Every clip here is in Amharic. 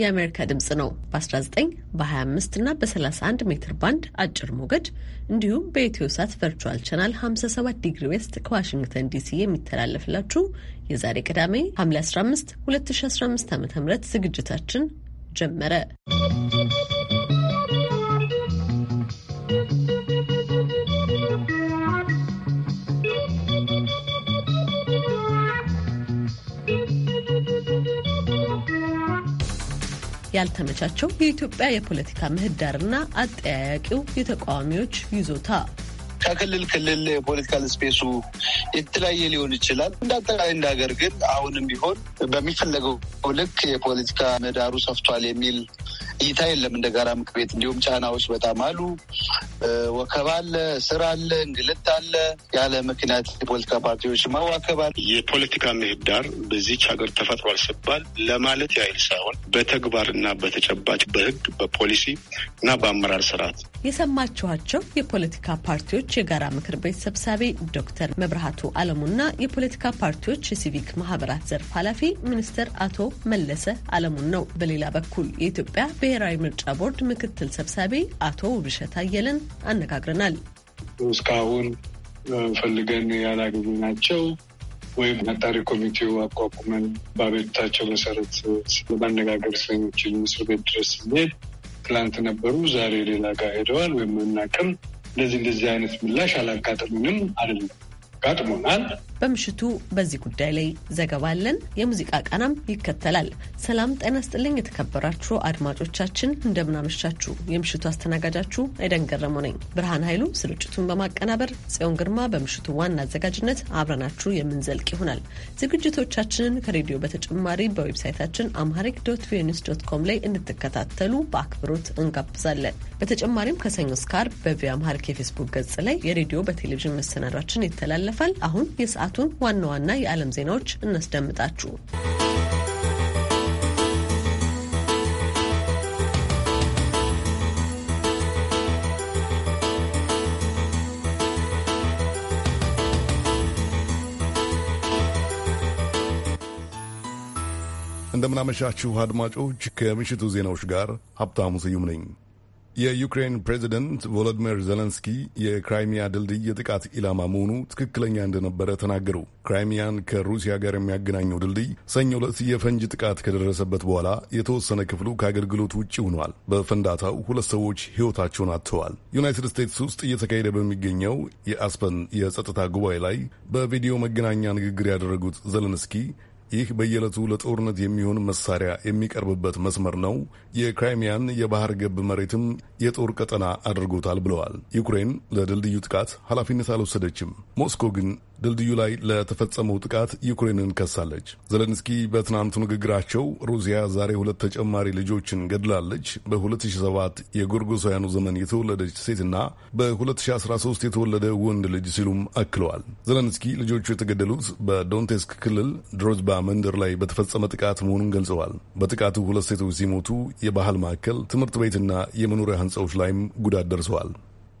የአሜሪካ ድምፅ ነው። በ19 በ25 እና በ31 ሜትር ባንድ አጭር ሞገድ እንዲሁም በኢትዮ ሳት ቨርቹዋል ቻናል 57 ዲግሪ ዌስት ከዋሽንግተን ዲሲ የሚተላለፍላችሁ የዛሬ ቅዳሜ ሐምሌ 15 2015 ዓ ም ዝግጅታችን ጀመረ። ያልተመቻቸው የኢትዮጵያ የፖለቲካ ምህዳርና አጠያያቂው የተቃዋሚዎች ይዞታ ከክልል ክልል የፖለቲካል ስፔሱ የተለያየ ሊሆን ይችላል። እንደ አጠቃላይ እንደ ሀገር ግን አሁንም ቢሆን በሚፈለገው ልክ የፖለቲካ ምህዳሩ ሰፍቷል የሚል እይታ የለም። እንደ ጋራ ምክር ቤት እንዲሁም ጫናዎች በጣም አሉ። ወከባ አለ፣ ስራ አለ፣ እንግልት አለ። ያለ ምክንያት የፖለቲካ ፓርቲዎች መዋከብ አለ። የፖለቲካ ምህዳር በዚች ሀገር ተፈጥሯል ሲባል ለማለት ያህል ሳይሆን በተግባርና በተጨባጭ በህግ በፖሊሲ እና በአመራር ስርዓት የሰማችኋቸው የፖለቲካ ፓርቲዎች የጋራ ምክር ቤት ሰብሳቢ ዶክተር መብርሃቱ አለሙና የፖለቲካ ፓርቲዎች የሲቪክ ማህበራት ዘርፍ ኃላፊ ሚኒስትር አቶ መለሰ አለሙን ነው። በሌላ በኩል የኢትዮጵያ ብሔራዊ ምርጫ ቦርድ ምክትል ሰብሳቢ አቶ ውብሸት አየለን አነጋግረናል። እስካሁን ፈልገን ያላገኘናቸው ወይም አጣሪ ኮሚቴው አቋቁመን በአቤቱታቸው መሰረት ለማነጋገር እስረኞችን እስር ቤት ድረስ ስንሄድ ትላንት ነበሩ፣ ዛሬ ሌላ ጋር ሄደዋል ወይም አናውቅም። እንደዚህ እንደዚህ አይነት ምላሽ አላጋጠሙንም አይደለም፣ ጋጥሞናል። በምሽቱ በዚህ ጉዳይ ላይ ዘገባ አለን። የሙዚቃ ቃናም ይከተላል። ሰላም ጤና ስጥልኝ። የተከበራችሁ አድማጮቻችን እንደምናመሻችሁ። የምሽቱ አስተናጋጃችሁ አይደን ገረሙ ነኝ። ብርሃን ኃይሉ ስርጭቱን በማቀናበር ጽዮን ግርማ በምሽቱ ዋና አዘጋጅነት አብረናችሁ የምንዘልቅ ይሆናል። ዝግጅቶቻችንን ከሬዲዮ በተጨማሪ በዌብሳይታችን አምሃሪክ ዶት ቪኦኤ ዶት ኮም ላይ እንድትከታተሉ በአክብሮት እንጋብዛለን። በተጨማሪም ከሰኞ እስከ ዓርብ አምሃሪክ የፌስቡክ ገጽ ላይ የሬዲዮ በቴሌቪዥን መሰናዷችን ይተላለፋል። አሁን የሰ የሰዓቱን ዋና ዋና የዓለም ዜናዎች እናስደምጣችሁ። እንደምናመሻችሁ አድማጮች፣ ከምሽቱ ዜናዎች ጋር ሀብታሙ ስዩም ነኝ። የዩክሬን ፕሬዚደንት ቮሎዲሚር ዘለንስኪ የክራይሚያ ድልድይ የጥቃት ኢላማ መሆኑ ትክክለኛ እንደነበረ ተናገሩ። ክራይሚያን ከሩሲያ ጋር የሚያገናኘው ድልድይ ሰኞ ዕለት የፈንጅ ጥቃት ከደረሰበት በኋላ የተወሰነ ክፍሉ ከአገልግሎት ውጭ ሆኗል። በፍንዳታው ሁለት ሰዎች ሕይወታቸውን አጥተዋል። ዩናይትድ ስቴትስ ውስጥ እየተካሄደ በሚገኘው የአስፐን የጸጥታ ጉባኤ ላይ በቪዲዮ መገናኛ ንግግር ያደረጉት ዘለንስኪ ይህ በየዕለቱ ለጦርነት የሚሆን መሳሪያ የሚቀርብበት መስመር ነው የክራይሚያን የባህር ገብ መሬትም የጦር ቀጠና አድርጎታል ብለዋል። ዩክሬን ለድልድዩ ጥቃት ኃላፊነት አልወሰደችም። ሞስኮ ግን ድልድዩ ላይ ለተፈጸመው ጥቃት ዩክሬንን ከሳለች። ዘለንስኪ በትናንቱ ንግግራቸው ሩሲያ ዛሬ ሁለት ተጨማሪ ልጆችን ገድላለች፣ በ2007 የጎርጎሳውያኑ ዘመን የተወለደች ሴትና በ2013 የተወለደ ወንድ ልጅ ሲሉም አክለዋል። ዘለንስኪ ልጆቹ የተገደሉት በዶንቴስክ ክልል ድሮዝባ መንደር ላይ በተፈጸመ ጥቃት መሆኑን ገልጸዋል። በጥቃቱ ሁለት ሴቶች ሲሞቱ የባህል ማዕከል፣ ትምህርት ቤትና የመኖሪያ ህንፃዎች ላይም ጉዳት ደርሰዋል።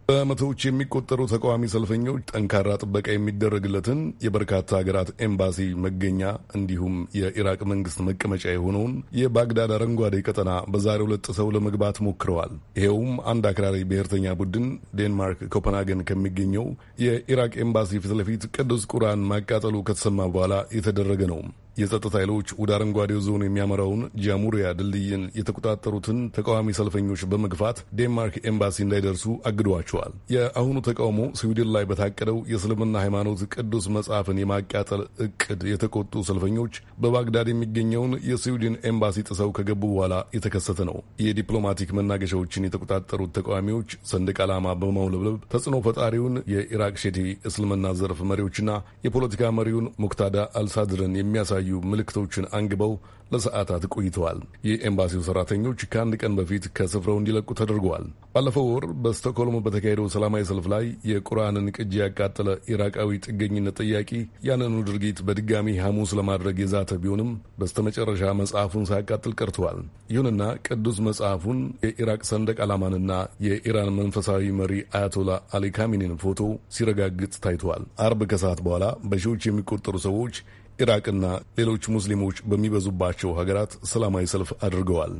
በመቶዎች የሚቆጠሩ ተቃዋሚ ሰልፈኞች ጠንካራ ጥበቃ የሚደረግለትን የበርካታ ሀገራት ኤምባሲ መገኛ እንዲሁም የኢራቅ መንግስት መቀመጫ የሆነውን የባግዳድ አረንጓዴ ቀጠና በዛሬው ዕለት ጥሰው ለመግባት ሞክረዋል። ይኸውም አንድ አክራሪ ብሔርተኛ ቡድን ዴንማርክ ኮፐንሃገን ከሚገኘው የኢራቅ ኤምባሲ ፊት ለፊት ቅዱስ ቁርአን ማቃጠሉ ከተሰማ በኋላ የተደረገ ነው። የጸጥታ ኃይሎች ወደ አረንጓዴው ዞን የሚያመራውን ጃሙሪያ ድልድይን የተቆጣጠሩትን ተቃዋሚ ሰልፈኞች በመግፋት ዴንማርክ ኤምባሲ እንዳይደርሱ አግደዋቸዋል። የአሁኑ ተቃውሞ ስዊድን ላይ በታቀደው የእስልምና ሃይማኖት ቅዱስ መጽሐፍን የማቃጠል እቅድ የተቆጡ ሰልፈኞች በባግዳድ የሚገኘውን የስዊድን ኤምባሲ ጥሰው ከገቡ በኋላ የተከሰተ ነው። የዲፕሎማቲክ መናገሻዎችን የተቆጣጠሩት ተቃዋሚዎች ሰንደቅ ዓላማ በማውለብለብ ተጽዕኖ ፈጣሪውን የኢራቅ ሼቲ እስልምና ዘርፍ መሪዎችና የፖለቲካ መሪውን ሙክታዳ አልሳድርን የሚያሳ የተለያዩ ምልክቶችን አንግበው ለሰዓታት ቆይተዋል። የኤምባሲው ሰራተኞች ከአንድ ቀን በፊት ከስፍራው እንዲለቁ ተደርገዋል። ባለፈው ወር በስቶክሆልም በተካሄደው ሰላማዊ ሰልፍ ላይ የቁርአንን ቅጂ ያቃጠለ ኢራቃዊ ጥገኝነት ጠያቂ ያንኑ ድርጊት በድጋሚ ሐሙስ ለማድረግ የዛተ ቢሆንም በስተመጨረሻ መጽሐፉን ሳያቃጥል ቀርተዋል። ይሁንና ቅዱስ መጽሐፉን የኢራቅ ሰንደቅ ዓላማንና የኢራን መንፈሳዊ መሪ አያቶላ አሊ ካሚኒን ፎቶ ሲረጋግጥ ታይተዋል። አርብ ከሰዓት በኋላ በሺዎች የሚቆጠሩ ሰዎች ኢራቅና ሌሎች ሙስሊሞች በሚበዙባቸው ሀገራት ሰላማዊ ሰልፍ አድርገዋል።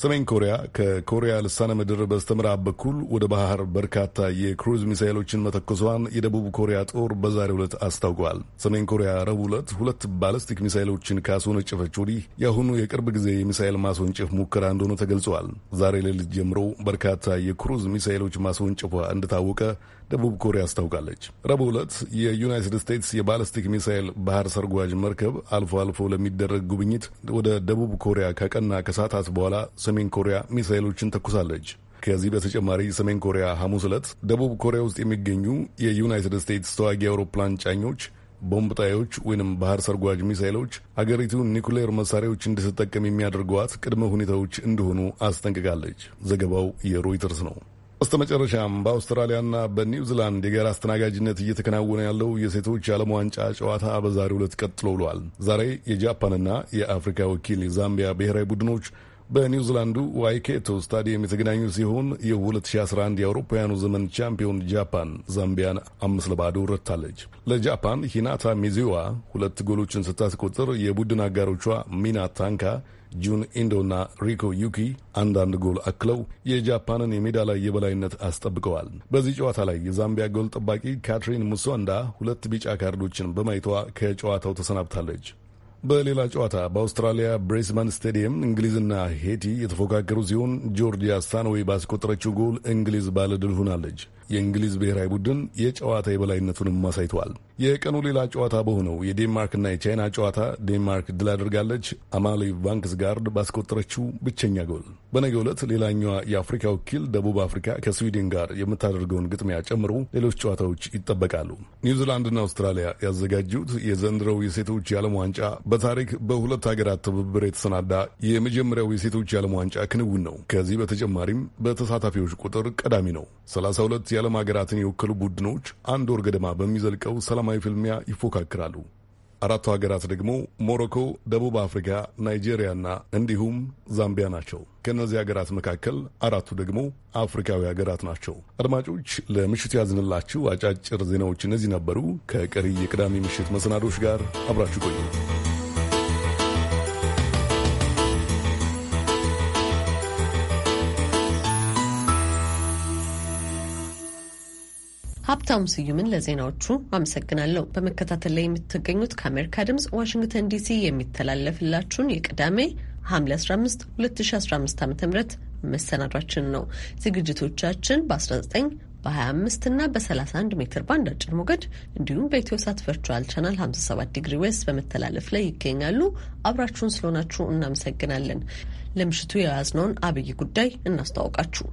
ሰሜን ኮሪያ ከኮሪያ ልሳነ ምድር በስተምዕራብ በኩል ወደ ባህር በርካታ የክሩዝ ሚሳይሎችን መተኮሷን የደቡብ ኮሪያ ጦር በዛሬው ዕለት አስታውቋል። ሰሜን ኮሪያ ረቡዕ ዕለት ሁለት ባለስቲክ ሚሳይሎችን ካስወነጨፈች ወዲህ የአሁኑ የቅርብ ጊዜ የሚሳይል ማስወንጨፍ ሙከራ እንደሆነ ተገልጿል። ዛሬ ሌሊት ጀምሮ በርካታ የክሩዝ ሚሳይሎች ማስወንጨፏ እንደታወቀ ደቡብ ኮሪያ አስታውቃለች። ረቡዕ ዕለት የዩናይትድ ስቴትስ የባለስቲክ ሚሳይል ባህር ሰርጓጅ መርከብ አልፎ አልፎ ለሚደረግ ጉብኝት ወደ ደቡብ ኮሪያ ከቀና ከሰዓታት በኋላ ሰሜን ኮሪያ ሚሳይሎችን ተኩሳለች። ከዚህ በተጨማሪ ሰሜን ኮሪያ ሐሙስ ዕለት ደቡብ ኮሪያ ውስጥ የሚገኙ የዩናይትድ ስቴትስ ተዋጊ አውሮፕላን ጫኞች ቦምብ ጣዮች ወይንም ባህር ሰርጓጅ ሚሳይሎች አገሪቱ ኒኩሌር መሳሪያዎች እንድትጠቀም የሚያደርገዋት ቅድመ ሁኔታዎች እንደሆኑ አስጠንቅቃለች። ዘገባው የሮይተርስ ነው። በስተ መጨረሻም በአውስትራሊያና በኒውዚላንድ የጋራ አስተናጋጅነት እየተከናወነ ያለው የሴቶች የዓለም ዋንጫ ጨዋታ በዛሬው ዕለት ቀጥሎ ብለዋል። ዛሬ የጃፓንና የአፍሪካ ወኪል የዛምቢያ ብሔራዊ ቡድኖች በኒውዚላንዱ ዋይኬቶ ስታዲየም የተገናኙ ሲሆን የ2011 የአውሮፓውያኑ ዘመን ቻምፒዮን ጃፓን ዛምቢያን አምስት ለባዶ ረታለች። ለጃፓን ሂናታ ሚዚዋ ሁለት ጎሎችን ስታስቆጥር የቡድን አጋሮቿ ሚና ታንካ ጁን ኢንዶና ሪኮ ዩኪ አንዳንድ ጎል አክለው የጃፓንን የሜዳ ላይ የበላይነት አስጠብቀዋል። በዚህ ጨዋታ ላይ የዛምቢያ ጎል ጠባቂ ካትሪን ሙሶንዳ ሁለት ቢጫ ካርዶችን በማየቷ ከጨዋታው ተሰናብታለች። በሌላ ጨዋታ በአውስትራሊያ ብሬስባን ስታዲየም እንግሊዝና ሄቲ የተፎካከሩ ሲሆን ጆርጂያ ስታንዌይ ባስቆጠረችው ጎል እንግሊዝ ባለድል ሆናለች። የእንግሊዝ ብሔራዊ ቡድን የጨዋታ የበላይነቱንም አሳይተዋል። የቀኑ ሌላ ጨዋታ በሆነው የዴንማርክና የቻይና ጨዋታ ዴንማርክ ድል አድርጋለች፣ አማሌ ቫንክስጋርድ ባስቆጠረችው ብቸኛ ጎል። በነገ ዕለት ሌላኛዋ የአፍሪካ ወኪል ደቡብ አፍሪካ ከስዊድን ጋር የምታደርገውን ግጥሚያ ጨምሮ ሌሎች ጨዋታዎች ይጠበቃሉ። ኒውዚላንድና አውስትራሊያ ያዘጋጁት የዘንድሮው የሴቶች የዓለም ዋንጫ በታሪክ በሁለት ሀገራት ትብብር የተሰናዳ የመጀመሪያው የሴቶች የዓለም ዋንጫ ክንውን ነው። ከዚህ በተጨማሪም በተሳታፊዎች ቁጥር ቀዳሚ ነው 32 የዓለም ሀገራትን የወከሉ ቡድኖች አንድ ወር ገደማ በሚዘልቀው ሰላማዊ ፍልሚያ ይፎካክራሉ። አራቱ ሀገራት ደግሞ ሞሮኮ፣ ደቡብ አፍሪካ፣ ናይጄሪያና እንዲሁም ዛምቢያ ናቸው። ከእነዚህ ሀገራት መካከል አራቱ ደግሞ አፍሪካዊ ሀገራት ናቸው። አድማጮች፣ ለምሽቱ ያዝንላችሁ አጫጭር ዜናዎች እነዚህ ነበሩ። ከቀሪ የቅዳሜ ምሽት መሰናዶች ጋር አብራችሁ ቆዩ። ሀብታሙ ስዩምን ለዜናዎቹ አመሰግናለሁ። በመከታተል ላይ የምትገኙት ከአሜሪካ ድምጽ ዋሽንግተን ዲሲ የሚተላለፍላችሁን የቅዳሜ ሐምሌ 15 2015 ዓ ም መሰናዷችን ነው። ዝግጅቶቻችን በ19 በ25 እና በ31 ሜትር ባንድ አጭር ሞገድ እንዲሁም በኢትዮ ሳት ቨርቹዋል ቻናል 57 ዲግሪ ዌስት በመተላለፍ ላይ ይገኛሉ። አብራችሁን ስለሆናችሁ እናመሰግናለን። ለምሽቱ የያዝነውን አብይ ጉዳይ እናስተዋውቃችሁ።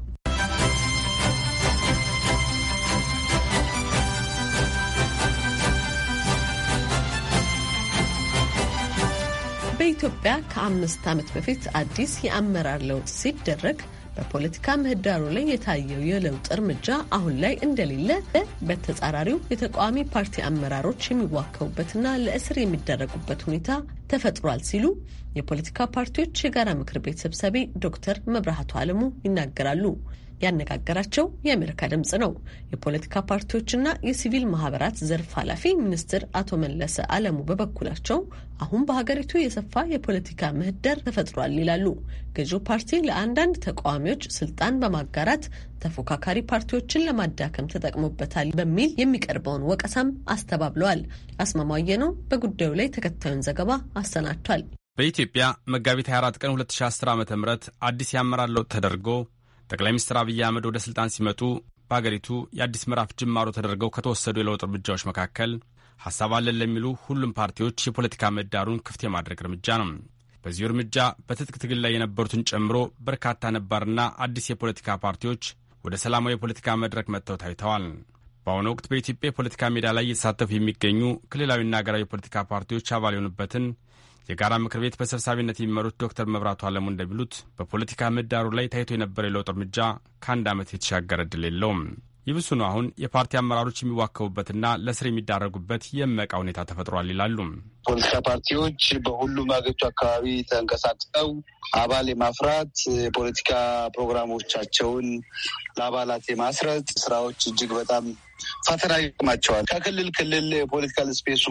በኢትዮጵያ ከአምስት ዓመት በፊት አዲስ የአመራር ለውጥ ሲደረግ በፖለቲካ ምህዳሩ ላይ የታየው የለውጥ እርምጃ አሁን ላይ እንደሌለ፣ በተጻራሪው የተቃዋሚ ፓርቲ አመራሮች የሚዋከቡበትና ለእስር የሚደረጉበት ሁኔታ ተፈጥሯል ሲሉ የፖለቲካ ፓርቲዎች የጋራ ምክር ቤት ሰብሳቢ ዶክተር መብራህቱ አለሙ ይናገራሉ። ያነጋገራቸው የአሜሪካ ድምጽ ነው። የፖለቲካ ፓርቲዎችና የሲቪል ማህበራት ዘርፍ ኃላፊ ሚኒስትር አቶ መለሰ አለሙ በበኩላቸው አሁን በሀገሪቱ የሰፋ የፖለቲካ ምህዳር ተፈጥሯል ይላሉ። ገዢው ፓርቲ ለአንዳንድ ተቃዋሚዎች ስልጣን በማጋራት ተፎካካሪ ፓርቲዎችን ለማዳከም ተጠቅሞበታል በሚል የሚቀርበውን ወቀሳም አስተባብለዋል። አስማማየ ነው በጉዳዩ ላይ ተከታዩን ዘገባ አሰናድቷል። በኢትዮጵያ መጋቢት 24 ቀን 2010 ዓ ም አዲስ የአመራር ለውጥ ተደርጎ ጠቅላይ ሚኒስትር አብይ አህመድ ወደ ሥልጣን ሲመጡ በአገሪቱ የአዲስ ምዕራፍ ጅማሮ ተደርገው ከተወሰዱ የለውጥ እርምጃዎች መካከል ሐሳብ አለን ለሚሉ ሁሉም ፓርቲዎች የፖለቲካ ምህዳሩን ክፍት የማድረግ እርምጃ ነው። በዚሁ እርምጃ በትጥቅ ትግል ላይ የነበሩትን ጨምሮ በርካታ ነባርና አዲስ የፖለቲካ ፓርቲዎች ወደ ሰላማዊ የፖለቲካ መድረክ መጥተው ታይተዋል። በአሁኑ ወቅት በኢትዮጵያ የፖለቲካ ሜዳ ላይ እየተሳተፉ የሚገኙ ክልላዊና ሀገራዊ የፖለቲካ ፓርቲዎች አባል የሆኑበትን የጋራ ምክር ቤት በሰብሳቢነት የሚመሩት ዶክተር መብራቱ አለሙ እንደሚሉት በፖለቲካ ምህዳሩ ላይ ታይቶ የነበረው የለውጥ እርምጃ ከአንድ ዓመት የተሻገረ ድል የለውም። ይብሱኑ አሁን የፓርቲ አመራሮች የሚዋከቡበትና ለስር የሚዳረጉበት የመቃ ሁኔታ ተፈጥሯል ይላሉ። ፖለቲካ ፓርቲዎች በሁሉም ሀገሪቱ አካባቢ ተንቀሳቅሰው አባል የማፍራት የፖለቲካ ፕሮግራሞቻቸውን ለአባላት የማስረጥ ስራዎች እጅግ በጣም ፈተና ይቅማቸዋል ከክልል ክልል የፖለቲካል ስፔሱ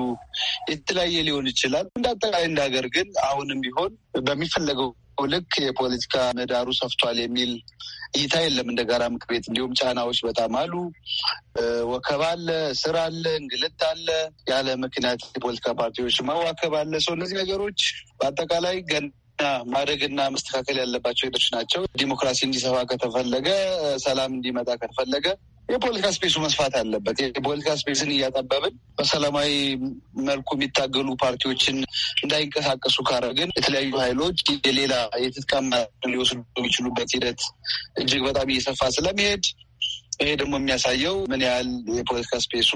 የተለያየ ሊሆን ይችላል። እንደ አጠቃላይ እንደ ሀገር ግን አሁንም ቢሆን በሚፈለገው ልክ የፖለቲካ ምህዳሩ ሰፍቷል የሚል እይታ የለም። እንደ ጋራ ምክር ቤት እንዲሁም ጫናዎች በጣም አሉ። ወከብ አለ፣ ስራ አለ፣ እንግልት አለ፣ ያለ ምክንያት የፖለቲካ ፓርቲዎች መዋከብ አለ። ሰው እነዚህ ነገሮች በአጠቃላይ ገን ማደግና መስተካከል ያለባቸው ሄዶች ናቸው። ዲሞክራሲ እንዲሰፋ ከተፈለገ፣ ሰላም እንዲመጣ ከተፈለገ የፖለቲካ ስፔሱ መስፋት አለበት። የፖለቲካ ስፔስን እያጠበብን በሰላማዊ መልኩ የሚታገሉ ፓርቲዎችን እንዳይንቀሳቀሱ ካረግን የተለያዩ ኃይሎች የሌላ የትጥቅ ሊወስዱ የሚችሉበት ሂደት እጅግ በጣም እየሰፋ ስለሚሄድ ይሄ ደግሞ የሚያሳየው ምን ያህል የፖለቲካ ስፔሱ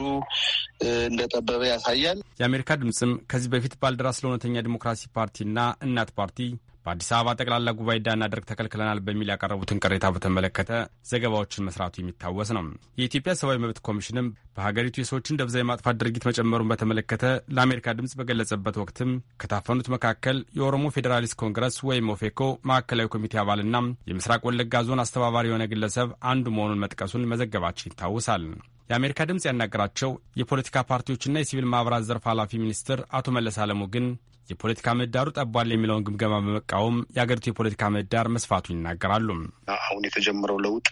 እንደጠበበ ያሳያል። የአሜሪካ ድምፅም ከዚህ በፊት ባልደራስ ለእውነተኛ ዲሞክራሲ ፓርቲና እናት ፓርቲ በአዲስ አበባ ጠቅላላ ጉባኤ እንዳናደርግ ተከልክለናል በሚል ያቀረቡትን ቅሬታ በተመለከተ ዘገባዎችን መስራቱ የሚታወስ ነው። የኢትዮጵያ ሰብአዊ መብት ኮሚሽንም በሀገሪቱ የሰዎችን ደብዛ የማጥፋት ድርጊት መጨመሩን በተመለከተ ለአሜሪካ ድምፅ በገለጸበት ወቅትም ከታፈኑት መካከል የኦሮሞ ፌዴራሊስት ኮንግረስ ወይም ኦፌኮ ማዕከላዊ ኮሚቴ አባልና የምስራቅ ወለጋ ዞን አስተባባሪ የሆነ ግለሰብ አንዱ መሆኑን መጥቀሱን መዘገባችን ይታወሳል። የአሜሪካ ድምፅ ያናገራቸው የፖለቲካ ፓርቲዎችና የሲቪል ማኅበራት ዘርፍ ኃላፊ ሚኒስትር አቶ መለስ አለሙ ግን የፖለቲካ ምህዳሩ ጠቧል የሚለውን ግምገማ በመቃወም የአገሪቱ የፖለቲካ ምህዳር መስፋቱ ይናገራሉ። አሁን የተጀመረው ለውጥ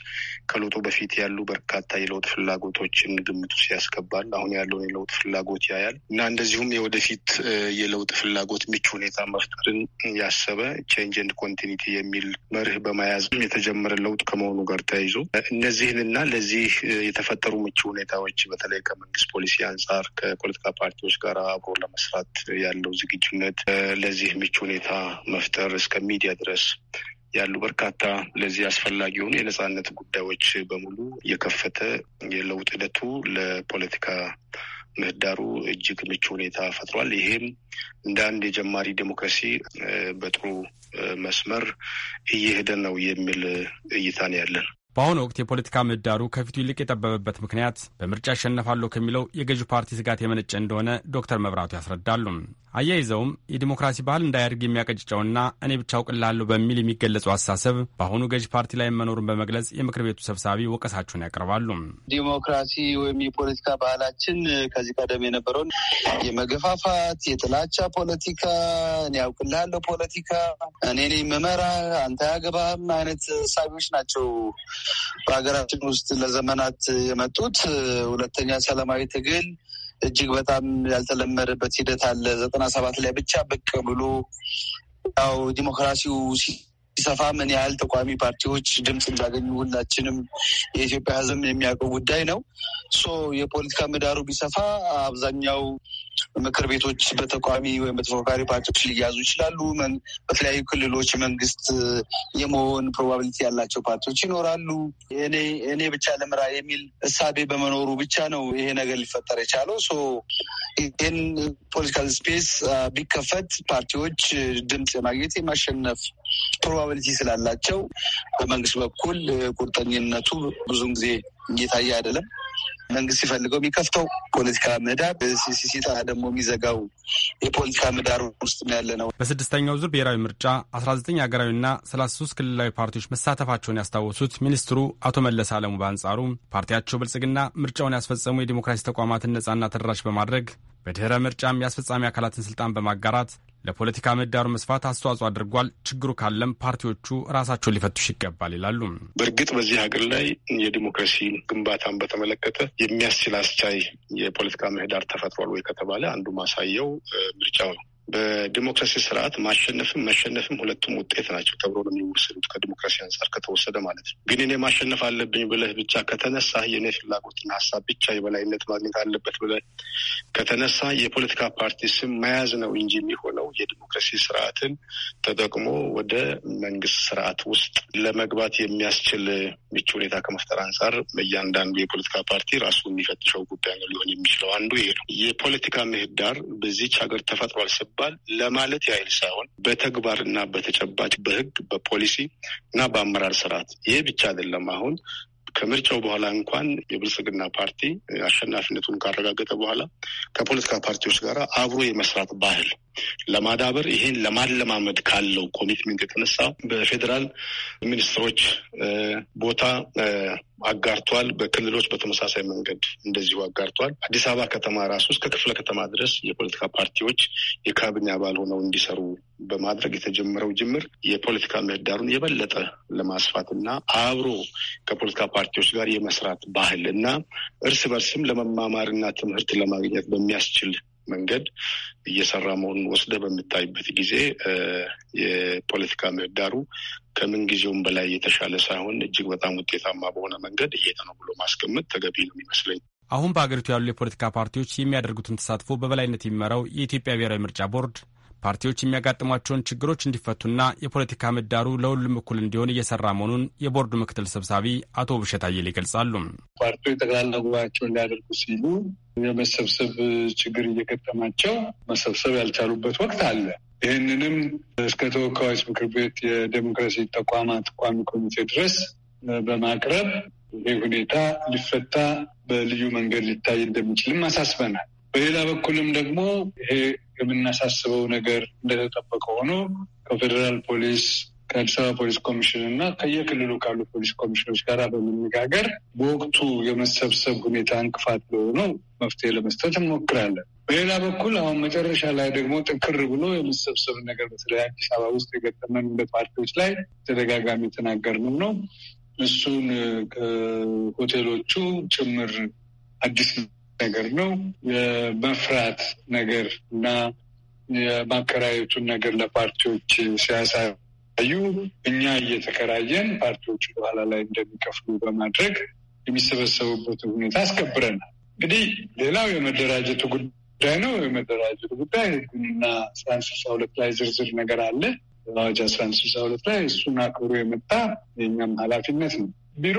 ከለውጡ በፊት ያሉ በርካታ የለውጥ ፍላጎቶችን ግምቱ ያስገባል። አሁን ያለውን የለውጥ ፍላጎት ያያል እና እንደዚሁም የወደፊት የለውጥ ፍላጎት ምቹ ሁኔታ መፍጠርን ያሰበ ቼንጅ ኤንድ ኮንቲኒቲ የሚል መርህ በመያዝ የተጀመረ ለውጥ ከመሆኑ ጋር ተያይዞ እነዚህንና ለዚህ የተፈጠሩ ምቹ ሁኔታዎች በተለይ ከመንግስት ፖሊሲ አንጻር ከፖለቲካ ፓርቲዎች ጋር አብሮ ለመስራት ያለው ዝግጁነት ግንኙነት ለዚህ ምቹ ሁኔታ መፍጠር እስከ ሚዲያ ድረስ ያሉ በርካታ ለዚህ አስፈላጊ የሆኑ የነጻነት ጉዳዮች በሙሉ የከፈተ የለውጥ ሂደቱ ለፖለቲካ ምህዳሩ እጅግ ምቹ ሁኔታ ፈጥሯል። ይሄም እንደ አንድ የጀማሪ ዴሞክራሲ በጥሩ መስመር እየሄደ ነው የሚል እይታ ነው ያለን። በአሁኑ ወቅት የፖለቲካ ምህዳሩ ከፊቱ ይልቅ የጠበበበት ምክንያት በምርጫ ያሸነፋለሁ ከሚለው የገዢ ፓርቲ ስጋት የመነጨ እንደሆነ ዶክተር መብራቱ ያስረዳሉ። አያይዘውም የዲሞክራሲ ባህል እንዳያድግ የሚያቀጭጨውና እኔ ብቻ አውቅልሃለሁ በሚል የሚገለጸው አስተሳሰብ በአሁኑ ገዢ ፓርቲ ላይ መኖሩን በመግለጽ የምክር ቤቱ ሰብሳቢ ወቀሳቸውን ያቀርባሉ። ዲሞክራሲ ወይም የፖለቲካ ባህላችን ከዚህ ቀደም የነበረውን የመገፋፋት የጥላቻ ፖለቲካ፣ እኔ አውቅልሃለሁ ፖለቲካ፣ እኔ እኔ መመራ አንተ አያገባህም አይነት ሳቢዎች ናቸው በሀገራችን ውስጥ ለዘመናት የመጡት። ሁለተኛ ሰላማዊ ትግል እጅግ በጣም ያልተለመደበት ሂደት አለ። ዘጠና ሰባት ላይ ብቻ ብቅ ብሎ ያው ዲሞክራሲው ሲሰፋ ምን ያህል ተቋሚ ፓርቲዎች ድምፅ እንዳገኙ ሁላችንም የኢትዮጵያ ህዝብ የሚያውቀው ጉዳይ ነው። ሶ የፖለቲካ ምህዳሩ ቢሰፋ አብዛኛው ምክር ቤቶች በተቃዋሚ ወይም በተፎካካሪ ፓርቲዎች ሊያዙ ይችላሉ። በተለያዩ ክልሎች መንግስት የመሆን ፕሮባብሊቲ ያላቸው ፓርቲዎች ይኖራሉ። እኔ እኔ ብቻ ልምራ የሚል እሳቤ በመኖሩ ብቻ ነው ይሄ ነገር ሊፈጠር የቻለው። ሶ ይህን ፖለቲካል ስፔስ ቢከፈት ፓርቲዎች ድምፅ የማግኘት የማሸነፍ ፕሮባብሊቲ ስላላቸው በመንግስት በኩል ቁርጠኝነቱ ብዙን ጊዜ እየታየ አይደለም። መንግስት ሲፈልገው የሚከፍተው ፖለቲካ ምህዳር ሲሲሲታ ደግሞ የሚዘጋው የፖለቲካ ምህዳር ውስጥ ያለ ነው። በስድስተኛው ዙር ብሔራዊ ምርጫ አስራ ዘጠኝ ሀገራዊና ሰላሳ ሶስት ክልላዊ ፓርቲዎች መሳተፋቸውን ያስታወሱት ሚኒስትሩ አቶ መለስ አለሙ በአንጻሩ ፓርቲያቸው ብልጽግና ምርጫውን ያስፈጸሙ የዲሞክራሲ ተቋማትን ነጻና ተደራሽ በማድረግ በድኅረ ምርጫም የአስፈጻሚ አካላትን ስልጣን በማጋራት ለፖለቲካ ምህዳሩ መስፋት አስተዋጽኦ አድርጓል። ችግሩ ካለም ፓርቲዎቹ ራሳቸውን ሊፈቱሽ ይገባል ይላሉ። በእርግጥ በዚህ ሀገር ላይ የዲሞክራሲ ግንባታን በተመለከተ የሚያስችል አስቻይ የፖለቲካ ምህዳር ተፈጥሯል ወይ ከተባለ አንዱ ማሳየው ምርጫው ነው። በዲሞክራሲ ስርዓት ማሸነፍም መሸነፍም ሁለቱም ውጤት ናቸው ተብሎ ነው የሚወሰዱት ከዲሞክራሲ አንጻር ከተወሰደ ማለት ነው። ግን እኔ ማሸነፍ አለብኝ ብለህ ብቻ ከተነሳ የእኔ ፍላጎትና ሀሳብ ብቻ የበላይነት ማግኘት አለበት ብለህ ከተነሳ የፖለቲካ ፓርቲ ስም መያዝ ነው እንጂ የሚሆነው የዲሞክራሲ ስርዓትን ተጠቅሞ ወደ መንግስት ስርዓት ውስጥ ለመግባት የሚያስችል ምቹ ሁኔታ ከመፍጠር አንጻር በእያንዳንዱ የፖለቲካ ፓርቲ ራሱ የሚፈትሸው ጉዳይ ነው ሊሆን የሚችለው። አንዱ ይሄ ነው። የፖለቲካ ምህዳር በዚች ሀገር ተፈጥሯል ሲባል ለማለት ያህል ሳይሆን በተግባርና በተጨባጭ በህግ በፖሊሲ እና በአመራር ስርዓት ይህ ብቻ አይደለም አሁን ከምርጫው በኋላ እንኳን የብልጽግና ፓርቲ አሸናፊነቱን ካረጋገጠ በኋላ ከፖለቲካ ፓርቲዎች ጋር አብሮ የመስራት ባህል ለማዳበር ይሄን ለማለማመድ ካለው ኮሚትመንት የተነሳ በፌዴራል ሚኒስትሮች ቦታ አጋርቷል። በክልሎች በተመሳሳይ መንገድ እንደዚሁ አጋርቷል። አዲስ አበባ ከተማ ራሱ እስከ ክፍለ ከተማ ድረስ የፖለቲካ ፓርቲዎች የካቢኔ አባል ሆነው እንዲሰሩ በማድረግ የተጀመረው ጅምር የፖለቲካ ምህዳሩን የበለጠ ለማስፋት እና አብሮ ከፖለቲካ ፓርቲዎች ጋር የመስራት ባህል እና እርስ በርስም ለመማማርና ትምህርት ለማግኘት በሚያስችል መንገድ እየሰራ መሆኑን ወስደ በምታይበት ጊዜ የፖለቲካ ምህዳሩ ከምን ጊዜውም በላይ የተሻለ ሳይሆን እጅግ በጣም ውጤታማ በሆነ መንገድ እየሄደ ነው ብሎ ማስቀመጥ ተገቢ ነው የሚመስለኝ። አሁን በሀገሪቱ ያሉ የፖለቲካ ፓርቲዎች የሚያደርጉትን ተሳትፎ በበላይነት የሚመራው የኢትዮጵያ ብሔራዊ ምርጫ ቦርድ ፓርቲዎች የሚያጋጥሟቸውን ችግሮች እንዲፈቱና የፖለቲካ ምህዳሩ ለሁሉም እኩል እንዲሆን እየሰራ መሆኑን የቦርዱ ምክትል ሰብሳቢ አቶ ብሸት አየል ይገልጻሉ። ፓርቲዎች ጠቅላላ ጉባኤያቸውን ሊያደርጉ ሲሉ የመሰብሰብ ችግር እየገጠማቸው መሰብሰብ ያልቻሉበት ወቅት አለ። ይህንንም እስከ ተወካዮች ምክር ቤት የዴሞክራሲ ተቋማት ቋሚ ኮሚቴ ድረስ በማቅረብ ይህ ሁኔታ ሊፈታ በልዩ መንገድ ሊታይ እንደሚችልም አሳስበናል። በሌላ በኩልም ደግሞ ይሄ የምናሳስበው ነገር እንደተጠበቀ ሆኖ ከፌዴራል ፖሊስ ከአዲስ አበባ ፖሊስ ኮሚሽን እና ከየክልሉ ካሉ ፖሊስ ኮሚሽኖች ጋር በመነጋገር በወቅቱ የመሰብሰብ ሁኔታ እንቅፋት ለሆነው መፍትሄ ለመስጠት እንሞክራለን። በሌላ በኩል አሁን መጨረሻ ላይ ደግሞ ጥንክር ብሎ የመሰብሰብ ነገር በተለይ አዲስ አበባ ውስጥ የገጠመን በፓርቲዎች ላይ ተደጋጋሚ የተናገርንም ነው። እሱን ከሆቴሎቹ ጭምር አዲስ ነገር ነው። የመፍራት ነገር እና የማከራየቱን ነገር ለፓርቲዎች ሲያሳዩ እኛ እየተከራየን ፓርቲዎቹ በኋላ ላይ እንደሚከፍሉ በማድረግ የሚሰበሰቡበትን ሁኔታ አስከብረናል። እንግዲህ ሌላው የመደራጀቱ ጉዳይ ነው። የመደራጀቱ ጉዳይ ህጉንና አስራ አንድ ስልሳ ሁለት ላይ ዝርዝር ነገር አለ። አዋጅ አስራ አንድ ስልሳ ሁለት ላይ እሱን አክብሮ የመጣ የእኛም ኃላፊነት ነው። ቢሮ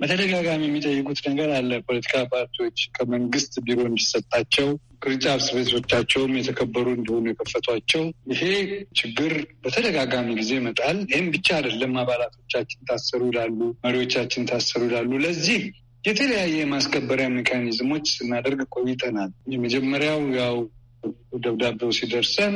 በተደጋጋሚ የሚጠይቁት ነገር አለ። ፖለቲካ ፓርቲዎች ከመንግስት ቢሮ እንዲሰጣቸው ቅርንጫፍ ስቤቶቻቸውም የተከበሩ እንዲሆኑ የከፈቷቸው ይሄ ችግር በተደጋጋሚ ጊዜ ይመጣል። ይህም ብቻ አይደለም። አባላቶቻችን ታሰሩ ይላሉ፣ መሪዎቻችን ታሰሩ ይላሉ። ለዚህ የተለያየ የማስከበሪያ ሜካኒዝሞች ስናደርግ ቆይተናል። የመጀመሪያው ያው ደብዳቤው ሲደርሰን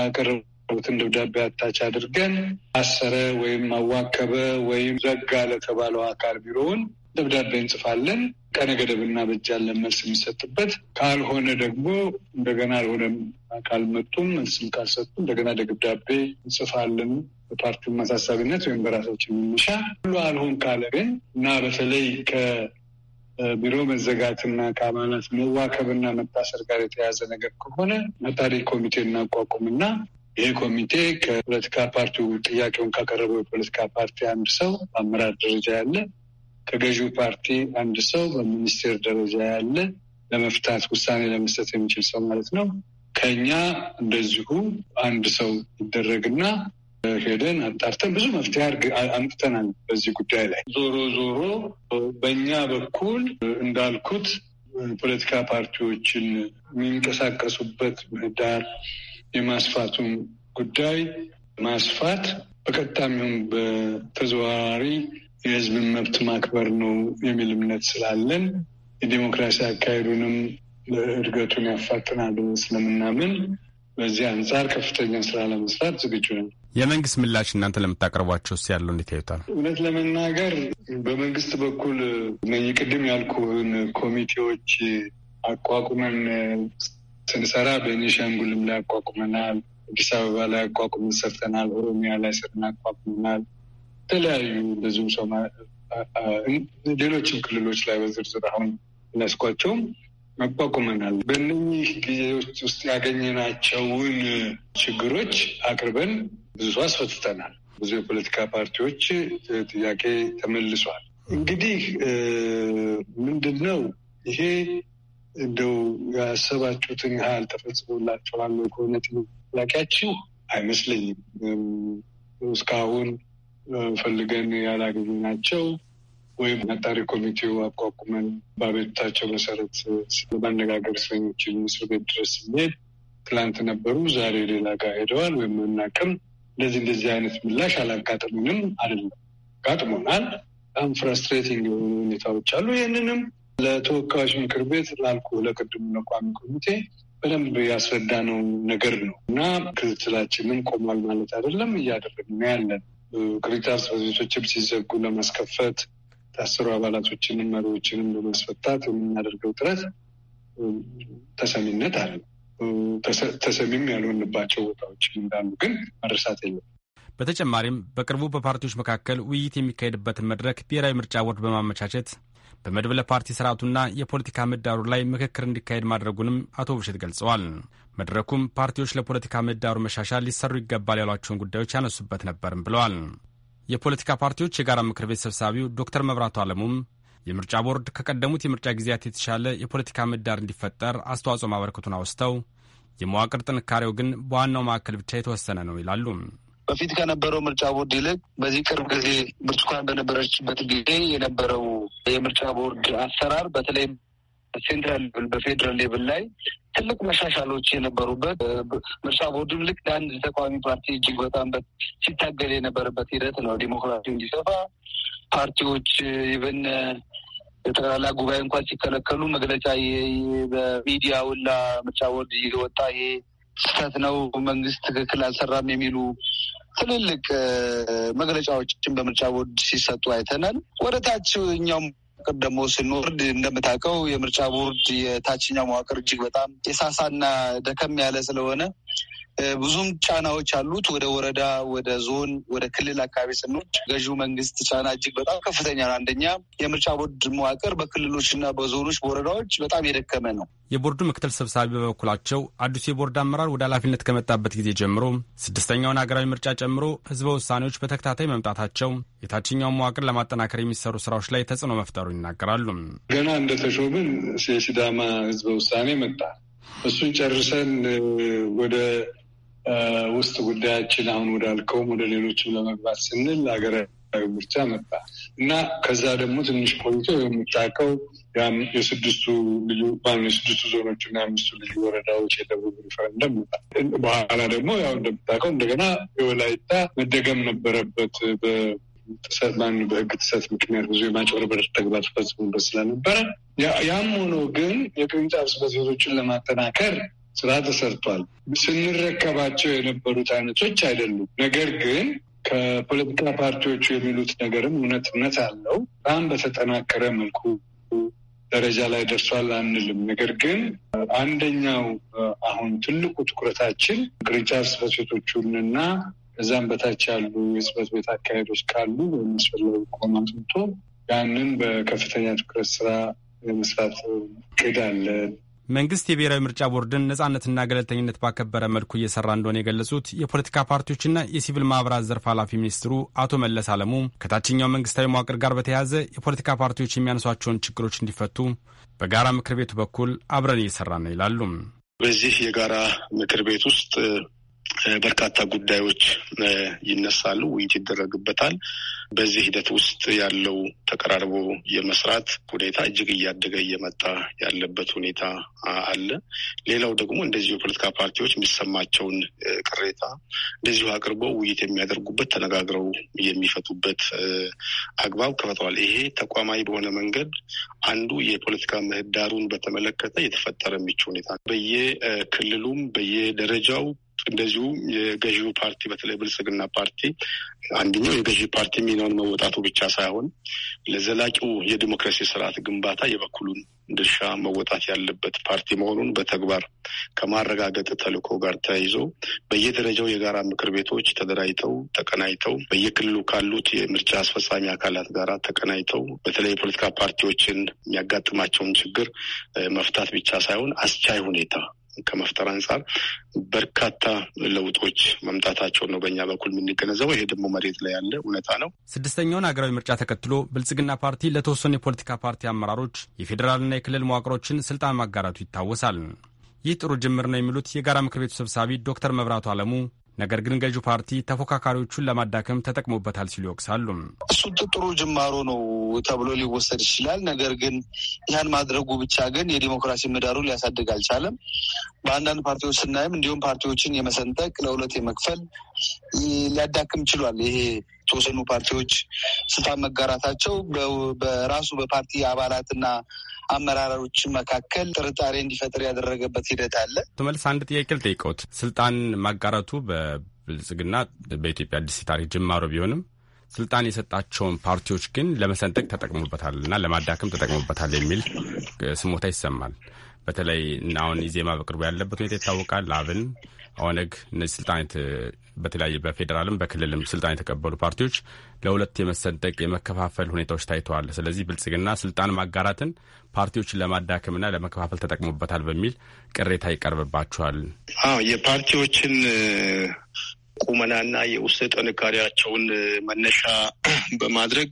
ያቀረቡ ትን ደብዳቤ አታች አድርገን አሰረ ወይም አዋከበ ወይም ዘጋ ለተባለው አካል ቢሮውን ደብዳቤ እንጽፋለን። ቀነ ገደብ እናበጃለን መልስ የሚሰጥበት። ካልሆነ ደግሞ እንደገና አልሆነም ካልመጡም መልስም ካልሰጡ እንደገና ደብዳቤ እንጽፋለን። በፓርቲው ማሳሳቢነት ወይም በራሳችን መነሻ ሁሉ አልሆን ካለ ግን እና በተለይ ከቢሮ መዘጋትና ከአባላት መዋከብና መታሰር ጋር የተያዘ ነገር ከሆነ መታሪ ኮሚቴ እናቋቁምና ይህ ኮሚቴ ከፖለቲካ ፓርቲው ጥያቄውን ካቀረበው የፖለቲካ ፓርቲ አንድ ሰው በአመራር ደረጃ ያለ፣ ከገዢው ፓርቲ አንድ ሰው በሚኒስቴር ደረጃ ያለ ለመፍታት ውሳኔ ለመስጠት የሚችል ሰው ማለት ነው። ከኛ እንደዚሁ አንድ ሰው ይደረግና ሄደን አጣርተን ብዙ መፍትሄ አምጥተናል በዚህ ጉዳይ ላይ። ዞሮ ዞሮ በእኛ በኩል እንዳልኩት ፖለቲካ ፓርቲዎችን የሚንቀሳቀሱበት ምህዳር የማስፋቱም ጉዳይ ማስፋት በቀጥታም በተዘዋዋሪ የህዝብን መብት ማክበር ነው የሚል እምነት ስላለን የዴሞክራሲ አካሄዱንም እድገቱን ያፋጥናሉ ስለምናምን በዚህ አንጻር ከፍተኛ ስራ ለመስራት ዝግጁ ነን። የመንግስት ምላሽ እናንተ ለምታቀርቧቸው ውስጥ ያለው እንዴት ያዩታል? እውነት ለመናገር በመንግስት በኩል ቅድም ያልኩህን ኮሚቴዎች አቋቁመን ስንሰራ በቤኒሻንጉልም ላይ አቋቁመናል። አዲስ አበባ ላይ አቋቁመን ሰርተናል። ኦሮሚያ ላይ ሰርተን አቋቁመናል። የተለያዩ ሰው ሌሎችም ክልሎች ላይ በዝርዝር አሁን ነስኳቸውም አቋቁመናል። በእነኚህ ጊዜዎች ውስጥ ያገኘናቸውን ችግሮች አቅርበን ብዙ ሰው አስፈትተናል። ብዙ የፖለቲካ ፓርቲዎች ጥያቄ ተመልሷል። እንግዲህ ምንድን ነው ይሄ እንደው ያሰባችሁትን ያህል ወይ ከእውነት ላቂያችሁ አይመስለኝም። እስካሁን ፈልገን ያላገኘናቸው ወይም አጣሪ ኮሚቴው አቋቁመን በአቤቱታቸው መሰረት ለማነጋገር እስረኞችን እስር ቤት ድረስ ስንሄድ ትላንት ነበሩ፣ ዛሬ ሌላ ጋር ሄደዋል ወይም እናቅም እንደዚህ እንደዚህ አይነት ምላሽ አላጋጠሙንም። አይደለም ጋጥሞናል። በጣም ፍራስትሬቲንግ የሆኑ ሁኔታዎች አሉ። ይህንንም ለተወካዮች ምክር ቤት ላልኩ ለቅድሙ ለቋሚ ኮሚቴ በደንብ ያስረዳነው ነገር ነው እና ክትትላችንን ቆሟል ማለት አይደለም፣ እያደረግን ነው ያለን። ቅሪተ ቤቶችም ሲዘጉ ለማስከፈት ታሰሩ አባላቶችንም መሪዎችንም ለማስፈታት የምናደርገው ጥረት ተሰሚነት አለ። ተሰሚም ያልሆንባቸው ቦታዎች እንዳሉ ግን መረሳት የለም። በተጨማሪም በቅርቡ በፓርቲዎች መካከል ውይይት የሚካሄድበትን መድረክ ብሔራዊ ምርጫ ቦርድ በማመቻቸት በመድብለ ፓርቲ ስርዓቱና የፖለቲካ ምህዳሩ ላይ ምክክር እንዲካሄድ ማድረጉንም አቶ ብሸት ገልጸዋል። መድረኩም ፓርቲዎች ለፖለቲካ ምህዳሩ መሻሻል ሊሰሩ ይገባል ያሏቸውን ጉዳዮች ያነሱበት ነበርም ብለዋል። የፖለቲካ ፓርቲዎች የጋራ ምክር ቤት ሰብሳቢው ዶክተር መብራቱ አለሙም የምርጫ ቦርድ ከቀደሙት የምርጫ ጊዜያት የተሻለ የፖለቲካ ምህዳር እንዲፈጠር አስተዋጽኦ ማበረከቱን አውስተው የመዋቅር ጥንካሬው ግን በዋናው ማዕከል ብቻ የተወሰነ ነው ይላሉ። በፊት ከነበረው ምርጫ ቦርድ ይልቅ በዚህ ቅርብ ጊዜ ብርቱካን በነበረችበት ጊዜ የነበረው የምርጫ ቦርድ አሰራር በተለይም ሴንትራል ሌቭል በፌዴራል ሌቭል ላይ ትልቅ መሻሻሎች የነበሩበት ምርጫ ቦርድም ልክ ለአንድ ተቃዋሚ ፓርቲ እጅግ በጣም ሲታገል የነበረበት ሂደት ነው። ዲሞክራሲ እንዲሰፋ ፓርቲዎች ይብን የጠቅላላ ጉባኤ እንኳን ሲከለከሉ መግለጫ በሚዲያ ውላ ምርጫ ቦርድ እየወጣ ይሄ ስህተት ነው፣ መንግስት ትክክል አልሰራም የሚሉ ትልልቅ መግለጫዎችን በምርጫ ቦርድ ሲሰጡ አይተናል። ወደ ታችኛው መዋቅር ደግሞ ስንወርድ እንደምታውቀው የምርጫ ቦርድ የታችኛው መዋቅር እጅግ በጣም የሳሳና ደከም ያለ ስለሆነ ብዙም ጫናዎች አሉት። ወደ ወረዳ፣ ወደ ዞን፣ ወደ ክልል አካባቢ ስኖች ገዢው መንግስት ጫና እጅግ በጣም ከፍተኛ ነው። አንደኛ የምርጫ ቦርድ መዋቅር በክልሎችና በዞኖች በወረዳዎች በጣም የደከመ ነው። የቦርዱ ምክትል ሰብሳቢ በበኩላቸው አዲሱ የቦርድ አመራር ወደ ኃላፊነት ከመጣበት ጊዜ ጀምሮ ስድስተኛውን ሀገራዊ ምርጫ ጨምሮ ህዝበ ውሳኔዎች በተከታታይ መምጣታቸው የታችኛውን መዋቅር ለማጠናከር የሚሰሩ ስራዎች ላይ ተጽዕኖ መፍጠሩ ይናገራሉ። ገና እንደተሾምን የሲዳማ ህዝበ ውሳኔ መጣ። እሱን ጨርሰን ወደ ውስጥ ጉዳያችን አሁን ወዳልከውም ወደ ሌሎችም ለመግባት ስንል ሀገራዊ ምርጫ መጣ እና ከዛ ደግሞ ትንሽ ቆይቶ የምታውቀው የስድስቱ ልዩ የስድስቱ ዞኖች እና የአምስቱ ልዩ ወረዳዎች የደቡብ ሪፈረንደም በኋላ ደግሞ ያው እንደምታውቀው እንደገና የወላይታ መደገም ነበረበት ጥሰትማን በህግ ጥሰት ምክንያት ብዙ የማጭበርበር ተግባር ፈጽሞበት ስለነበረ ያም ሆኖ ግን የቅርንጫፍ ጽሕፈት ቤቶችን ለማጠናከር ስራ ተሰርቷል። ስንረከባቸው የነበሩት አይነቶች አይደሉም። ነገር ግን ከፖለቲካ ፓርቲዎቹ የሚሉት ነገርም እውነትነት አለው። በጣም በተጠናከረ መልኩ ደረጃ ላይ ደርሷል አንልም። ነገር ግን አንደኛው አሁን ትልቁ ትኩረታችን ቅርንጫፍ ጽሕፈት እና ከዛም በታች ያሉ የጽሕፈት ቤት አካሄዶች ካሉ በሚያስፈለጉ ቆማ ያንን በከፍተኛ ትኩረት ስራ የመስራት እቅድ አለን። መንግስት የብሔራዊ ምርጫ ቦርድን ነጻነትና ገለልተኝነት ባከበረ መልኩ እየሰራ እንደሆነ የገለጹት የፖለቲካ ፓርቲዎችና የሲቪል ማኅበራት ዘርፍ ኃላፊ ሚኒስትሩ አቶ መለስ አለሙ ከታችኛው መንግስታዊ መዋቅር ጋር በተያያዘ የፖለቲካ ፓርቲዎች የሚያነሷቸውን ችግሮች እንዲፈቱ በጋራ ምክር ቤቱ በኩል አብረን እየሰራ ነው ይላሉ። በዚህ የጋራ ምክር ቤት ውስጥ በርካታ ጉዳዮች ይነሳሉ፣ ውይይት ይደረግበታል። በዚህ ሂደት ውስጥ ያለው ተቀራርቦ የመስራት ሁኔታ እጅግ እያደገ እየመጣ ያለበት ሁኔታ አለ። ሌላው ደግሞ እንደዚሁ የፖለቲካ ፓርቲዎች የሚሰማቸውን ቅሬታ እንደዚሁ አቅርበው ውይይት የሚያደርጉበት ተነጋግረው የሚፈቱበት አግባብ ከፈተዋል። ይሄ ተቋማዊ በሆነ መንገድ አንዱ የፖለቲካ ምህዳሩን በተመለከተ የተፈጠረ የሚችል ሁኔታ በየክልሉም በየደረጃው እንደዚሁ የገዢው ፓርቲ በተለይ ብልጽግና ፓርቲ አንደኛው የገዢ ፓርቲ ሚናውን መወጣቱ ብቻ ሳይሆን ለዘላቂው የዲሞክራሲ ስርዓት ግንባታ የበኩሉን ድርሻ መወጣት ያለበት ፓርቲ መሆኑን በተግባር ከማረጋገጥ ተልዕኮ ጋር ተያይዞ በየደረጃው የጋራ ምክር ቤቶች ተደራጅተው ተቀናጅተው በየክልሉ ካሉት የምርጫ አስፈጻሚ አካላት ጋር ተቀናጅተው በተለይ የፖለቲካ ፓርቲዎችን የሚያጋጥማቸውን ችግር መፍታት ብቻ ሳይሆን አስቻይ ሁኔታ ከመፍጠር አንጻር በርካታ ለውጦች መምጣታቸውን ነው በእኛ በኩል የምንገነዘበው። ይሄ ደግሞ መሬት ላይ ያለ እውነታ ነው። ስድስተኛውን ሀገራዊ ምርጫ ተከትሎ ብልጽግና ፓርቲ ለተወሰኑ የፖለቲካ ፓርቲ አመራሮች የፌዴራልና የክልል መዋቅሮችን ስልጣን ማጋራቱ ይታወሳል። ይህ ጥሩ ጅምር ነው የሚሉት የጋራ ምክር ቤቱ ሰብሳቢ ዶክተር መብራቱ አለሙ ነገር ግን ገዢው ፓርቲ ተፎካካሪዎቹን ለማዳከም ተጠቅሞበታል ሲሉ ይወቅሳሉ። እሱ ጥሩ ጅማሮ ነው ተብሎ ሊወሰድ ይችላል። ነገር ግን ይህን ማድረጉ ብቻ ግን የዲሞክራሲ ምህዳሩ ሊያሳድግ አልቻለም። በአንዳንድ ፓርቲዎች ስናይም እንዲሁም ፓርቲዎችን የመሰንጠቅ ለሁለት የመክፈል ሊያዳክም ችሏል። ይሄ የተወሰኑ ፓርቲዎች ስልጣን መጋራታቸው በራሱ በፓርቲ አባላትና አመራሮች መካከል ጥርጣሬ እንዲፈጥር ያደረገበት ሂደት አለ። ትመልስ አንድ ጥያቄ ልጠይቀዎት። ስልጣን ማጋራቱ በብልጽግና በኢትዮጵያ አዲስ ታሪክ ጅማሮ ቢሆንም ስልጣን የሰጣቸውን ፓርቲዎች ግን ለመሰንጠቅ ተጠቅሞበታል እና ለማዳከም ተጠቅሞበታል የሚል ስሞታ ይሰማል። በተለይ አሁን ኢዜማ በቅርቡ ያለበት ሁኔታ ይታወቃል። አብን፣ ኦነግ እነዚህ ስልጣን በተለያየ በፌዴራልም በክልልም ስልጣን የተቀበሉ ፓርቲዎች ለሁለት የመሰንጠቅ የመከፋፈል ሁኔታዎች ታይተዋል። ስለዚህ ብልጽግና ስልጣን ማጋራትን ፓርቲዎችን ለማዳከምና ለመከፋፈል ተጠቅሞበታል በሚል ቅሬታ ይቀርብባቸዋል። አዎ የፓርቲዎችን ቁመናና የውስጥ ጥንካሬያቸውን መነሻ በማድረግ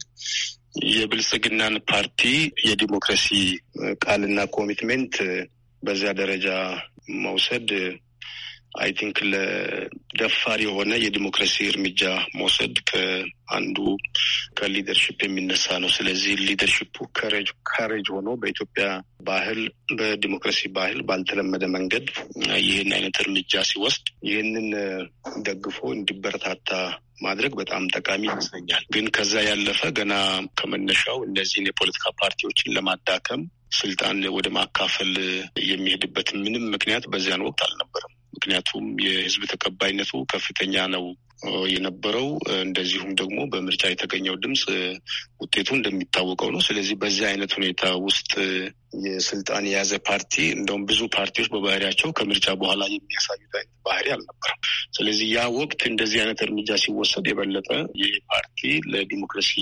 የብልጽግናን ፓርቲ የዲሞክራሲ ቃልና ኮሚትሜንት በዚያ ደረጃ መውሰድ አይ ቲንክ ለደፋር የሆነ የዲሞክራሲ እርምጃ መውሰድ ከአንዱ ከሊደርሽፕ የሚነሳ ነው። ስለዚህ ሊደርሽፑ ከሬጅ ከሬጅ ሆኖ በኢትዮጵያ ባህል በዲሞክራሲ ባህል ባልተለመደ መንገድ ይህን አይነት እርምጃ ሲወስድ ይህንን ደግፎ እንዲበረታታ ማድረግ በጣም ጠቃሚ ይመስለኛል። ግን ከዛ ያለፈ ገና ከመነሻው እነዚህን የፖለቲካ ፓርቲዎችን ለማዳከም ስልጣን ወደ ማካፈል የሚሄድበት ምንም ምክንያት በዚያን ወቅት አልነበረም። ምክንያቱም የህዝብ ተቀባይነቱ ከፍተኛ ነው የነበረው እንደዚሁም ደግሞ በምርጫ የተገኘው ድምፅ ውጤቱ እንደሚታወቀው ነው። ስለዚህ በዚህ አይነት ሁኔታ ውስጥ የስልጣን የያዘ ፓርቲ እንደውም ብዙ ፓርቲዎች በባህሪያቸው ከምርጫ በኋላ የሚያሳዩት አይነት ባህሪ አልነበረም። ስለዚህ ያ ወቅት እንደዚህ አይነት እርምጃ ሲወሰድ የበለጠ ይህ ፓርቲ ለዲሞክራሲ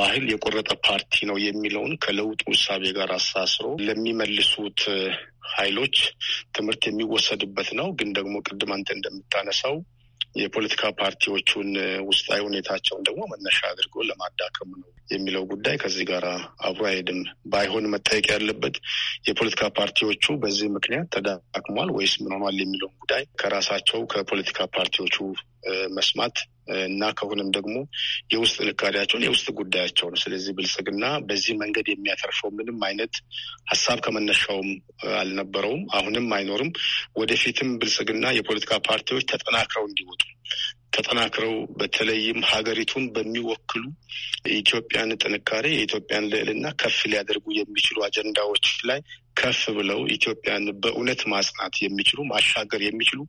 ባህል የቆረጠ ፓርቲ ነው የሚለውን ከለውጥ ውሳቤ ጋር አሳስሮ ለሚመልሱት ኃይሎች ትምህርት የሚወሰድበት ነው። ግን ደግሞ ቅድም አንተ እንደምታነሳው የፖለቲካ ፓርቲዎቹን ውስጣዊ ሁኔታቸውን ደግሞ መነሻ አድርጎ ለማዳከም ነው የሚለው ጉዳይ ከዚህ ጋር አብሮ አይሄድም። ባይሆን መጠየቅ ያለበት የፖለቲካ ፓርቲዎቹ በዚህ ምክንያት ተዳክሟል ወይስ ምን ሆኗል የሚለውን ጉዳይ ከራሳቸው ከፖለቲካ ፓርቲዎቹ መስማት እና ከሁንም ደግሞ የውስጥ ጥንካሬያቸውን የውስጥ ጉዳያቸውን። ስለዚህ ብልጽግና በዚህ መንገድ የሚያተርፈው ምንም አይነት ሀሳብ ከመነሻውም አልነበረውም፣ አሁንም አይኖርም። ወደፊትም ብልጽግና የፖለቲካ ፓርቲዎች ተጠናክረው እንዲወጡ ተጠናክረው በተለይም ሀገሪቱን በሚወክሉ የኢትዮጵያን ጥንካሬ የኢትዮጵያን ልዕልና ከፍ ሊያደርጉ የሚችሉ አጀንዳዎች ላይ ከፍ ብለው ኢትዮጵያን በእውነት ማጽናት የሚችሉ ማሻገር የሚችሉ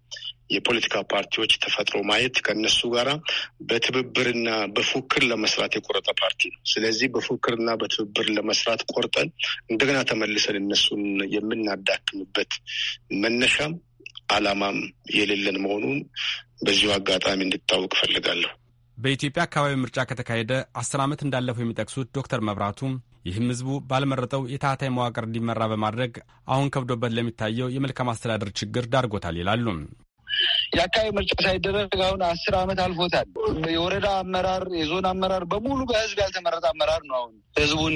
የፖለቲካ ፓርቲዎች ተፈጥሮ ማየት ከነሱ ጋራ በትብብርና በፉክር ለመስራት የቆረጠ ፓርቲ ነው። ስለዚህ በፉክርና በትብብር ለመስራት ቆርጠን እንደገና ተመልሰን እነሱን የምናዳክምበት መነሻም ዓላማም የሌለን መሆኑን በዚሁ አጋጣሚ እንድታወቅ እፈልጋለሁ። በኢትዮጵያ አካባቢ ምርጫ ከተካሄደ አስር ዓመት እንዳለፈው የሚጠቅሱት ዶክተር መብራቱ ይህም ህዝቡ ባልመረጠው የታህታይ መዋቅር እንዲመራ በማድረግ አሁን ከብዶበት ለሚታየው የመልካም አስተዳደር ችግር ዳርጎታል ይላሉ። የአካባቢ ምርጫ ሳይደረግ አሁን አስር ዓመት አልፎታል። የወረዳ አመራር፣ የዞን አመራር በሙሉ በህዝብ ያልተመረጠ አመራር ነው። አሁን ህዝቡን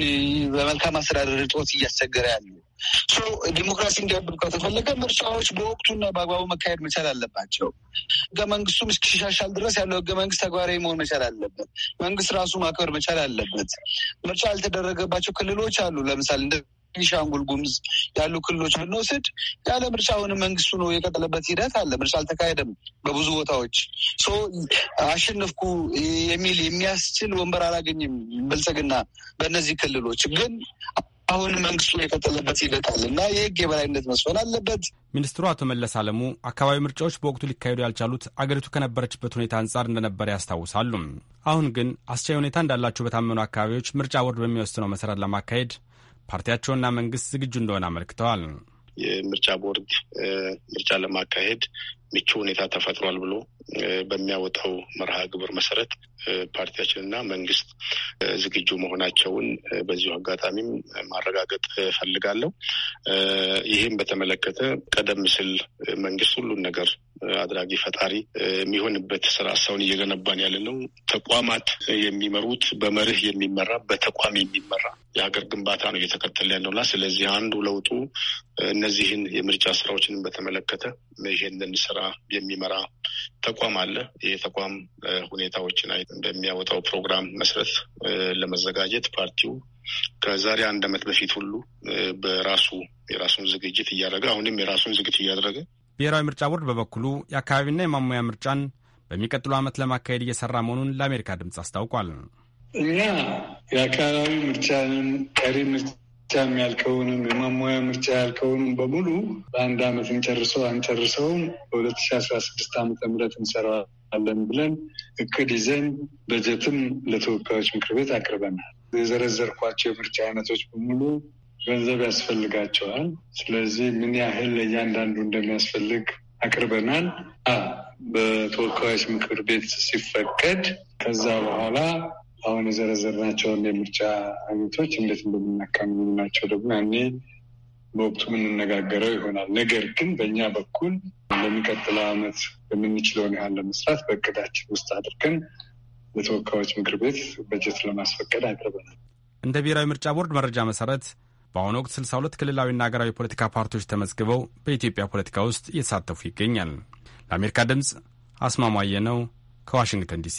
በመልካም አስተዳደር እጦት እያስቸገረ ያለ ዲሞክራሲ እንዲያብብ ከተፈለገ ምርጫዎች በወቅቱና በአግባቡ መካሄድ መቻል አለባቸው። ህገ መንግስቱም እስኪሻሻል ድረስ ያለው ህገ መንግስት ተግባራዊ መሆን መቻል አለበት። መንግስት ራሱ ማክበር መቻል አለበት። ምርጫ ያልተደረገባቸው ክልሎች አሉ። ለምሳሌ ቤኒሻንጉል ጉሙዝ ያሉ ክልሎች ብንወስድ ያለ ምርጫ አሁንም መንግስቱ ነው የቀጠለበት ሂደት አለ። ምርጫ አልተካሄደም በብዙ ቦታዎች አሸነፍኩ የሚል የሚያስችል ወንበር አላገኝም ብልጽግና በእነዚህ ክልሎች ግን አሁን መንግስቱ የቀጠለበት ሂደት አለ እና የህግ የበላይነት መስፈን አለበት። ሚኒስትሩ አቶ መለስ አለሙ አካባቢ ምርጫዎች በወቅቱ ሊካሄዱ ያልቻሉት አገሪቱ ከነበረችበት ሁኔታ አንጻር እንደነበረ ያስታውሳሉ። አሁን ግን አስቻይ ሁኔታ እንዳላቸው በታመኑ አካባቢዎች ምርጫ ቦርድ በሚወስነው መሰረት ለማካሄድ ፓርቲያቸውና መንግስት ዝግጁ እንደሆነ አመልክተዋል። የምርጫ ቦርድ ምርጫ ለማካሄድ ምቹ ሁኔታ ተፈጥሯል ብሎ በሚያወጣው መርሃ ግብር መሰረት ፓርቲያችንና መንግስት ዝግጁ መሆናቸውን በዚሁ አጋጣሚም ማረጋገጥ ፈልጋለሁ። ይህም በተመለከተ ቀደም ሲል መንግስት ሁሉን ነገር አድራጊ ፈጣሪ የሚሆንበት ስራ ሳይሆን እየገነባን ያለ ነው። ተቋማት የሚመሩት በመርህ የሚመራ በተቋም የሚመራ የሀገር ግንባታ ነው እየተከተለ ያለውና ስለዚህ አንዱ ለውጡ እነዚህን የምርጫ ስራዎችንም በተመለከተ ይሄንን ስራ ስራ የሚመራ ተቋም አለ። ይህ ተቋም ሁኔታዎችን እንደሚያወጣው ፕሮግራም መሰረት ለመዘጋጀት ፓርቲው ከዛሬ አንድ ዓመት በፊት ሁሉ በራሱ የራሱን ዝግጅት እያደረገ አሁንም የራሱን ዝግጅት እያደረገ ብሔራዊ ምርጫ ቦርድ በበኩሉ የአካባቢና የማሙያ ምርጫን በሚቀጥሉ ዓመት ለማካሄድ እየሰራ መሆኑን ለአሜሪካ ድምፅ አስታውቋል። እኛ የአካባቢ ምርጫንን ቀሪ ምርጫ ምርጫም ያልከውንም የማሟያ ምርጫ ያልከውንም በሙሉ በአንድ አመት እንጨርሰው አንጨርሰውም በሁለት ሺ አስራ ስድስት አመተ ምህረት እንሰራዋለን ብለን እቅድ ይዘን በጀትም ለተወካዮች ምክር ቤት አቅርበናል። የዘረዘርኳቸው የምርጫ አይነቶች በሙሉ ገንዘብ ያስፈልጋቸዋል። ስለዚህ ምን ያህል ለእያንዳንዱ እንደሚያስፈልግ አቅርበናል። በተወካዮች ምክር ቤት ሲፈቀድ ከዛ በኋላ አሁን የዘረዘርናቸውን የምርጫ አይነቶች እንዴት እንደምናካምኑ ናቸው ደግሞ ያኔ በወቅቱ የምንነጋገረው ይሆናል። ነገር ግን በእኛ በኩል ለሚቀጥለው ዓመት የምንችለውን ያህል ለመስራት በእቅዳችን ውስጥ አድርገን ለተወካዮች ምክር ቤት በጀት ለማስፈቀድ አቅርበናል። እንደ ብሔራዊ ምርጫ ቦርድ መረጃ መሰረት በአሁኑ ወቅት 62 ክልላዊና ሀገራዊ ፖለቲካ ፓርቲዎች ተመዝግበው በኢትዮጵያ ፖለቲካ ውስጥ እየተሳተፉ ይገኛል። ለአሜሪካ ድምፅ አስማማየ ነው ከዋሽንግተን ዲሲ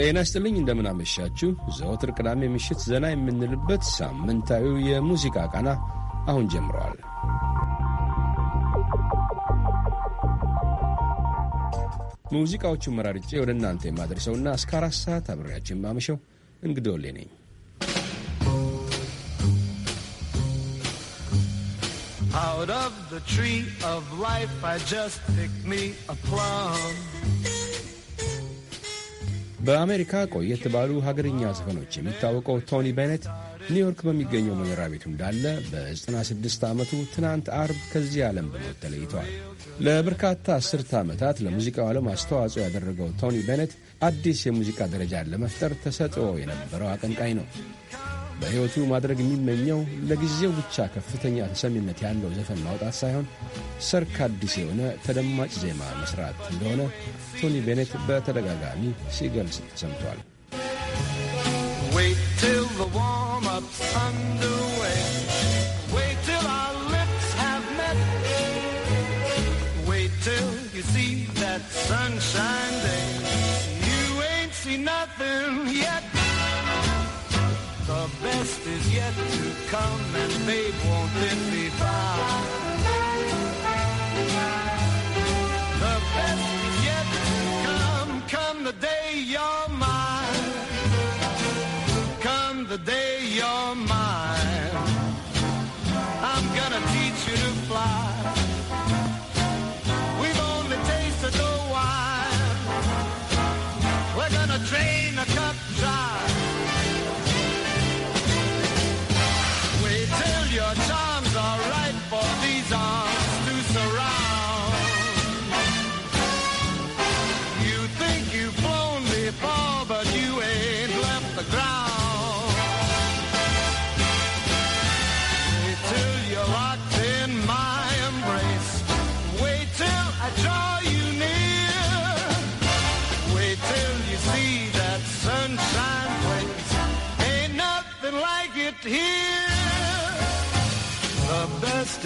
ጤና ይስጥልኝ። እንደምን አመሻችሁ። ዘወትር ቅዳሜ ምሽት ዘና የምንልበት ሳምንታዊው የሙዚቃ ቃና አሁን ጀምረዋል። ሙዚቃዎቹ መራርጬ ወደ እናንተ የማደርሰውና እስከ አራት ሰዓት አብሬያችሁ የማመሸው እንግዶሌ ነኝ። Out of the tree of life I just picked me a plum በአሜሪካ ቆየት ባሉ ሀገርኛ ዘፈኖች የሚታወቀው ቶኒ ቤኔት ኒውዮርክ በሚገኘው መኖሪያ ቤቱ እንዳለ በ96 ዓመቱ ትናንት አርብ ከዚህ ዓለም በሞት ተለይተዋል። ለበርካታ አስርተ ዓመታት ለሙዚቃው ዓለም አስተዋጽኦ ያደረገው ቶኒ ቤኔት አዲስ የሙዚቃ ደረጃን ለመፍጠር ተሰጥኦ የነበረው አቀንቃኝ ነው። በሕይወቱ ማድረግ የሚመኘው ለጊዜው ብቻ ከፍተኛ ተሰሚነት ያለው ዘፈን ማውጣት ሳይሆን ሰርክ አዲስ የሆነ ተደማጭ ዜማ መስራት እንደሆነ ቶኒ ቤኔት በተደጋጋሚ ሲገልጽ ተሰምቷል።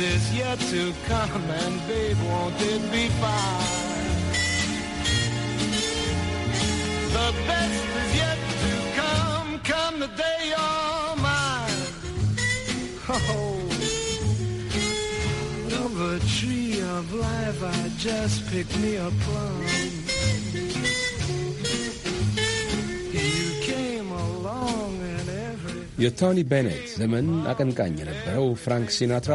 is yet to come, and babe, won't it be fine? The best is yet to come, come the day you're mine. Oh, from the tree of life, I just picked me a plum. የቶኒ ቤኔት ዘመን አቀንቃኝ የነበረው ፍራንክ ሲናትራ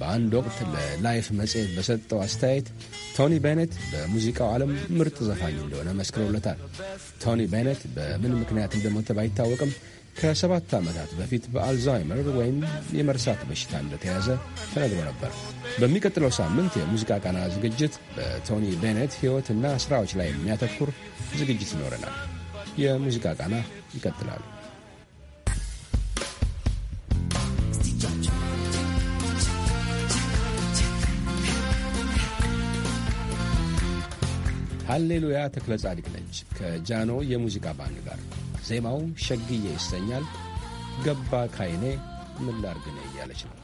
በአንድ ወቅት ለላይፍ መጽሔት በሰጠው አስተያየት ቶኒ ቤኔት በሙዚቃው ዓለም ምርጥ ዘፋኝ እንደሆነ መስክረውለታል። ቶኒ ቤኔት በምን ምክንያት እንደሞተ ባይታወቅም ከሰባት ዓመታት በፊት በአልዛይመር ወይም የመርሳት በሽታ እንደተያዘ ተነግሮ ነበር። በሚቀጥለው ሳምንት የሙዚቃ ቃና ዝግጅት በቶኒ ቤኔት ሕይወትና ሥራዎች ላይ የሚያተኩር ዝግጅት ይኖረናል። የሙዚቃ ቃና ይቀጥላሉ። ሃሌሉያ ተክለ ጻድቅ ነች ከጃኖ የሙዚቃ ባንድ ጋር። ዜማው ሸግዬ ይሰኛል። ገባ ካይኔ ምን ላርግ እያለች ነው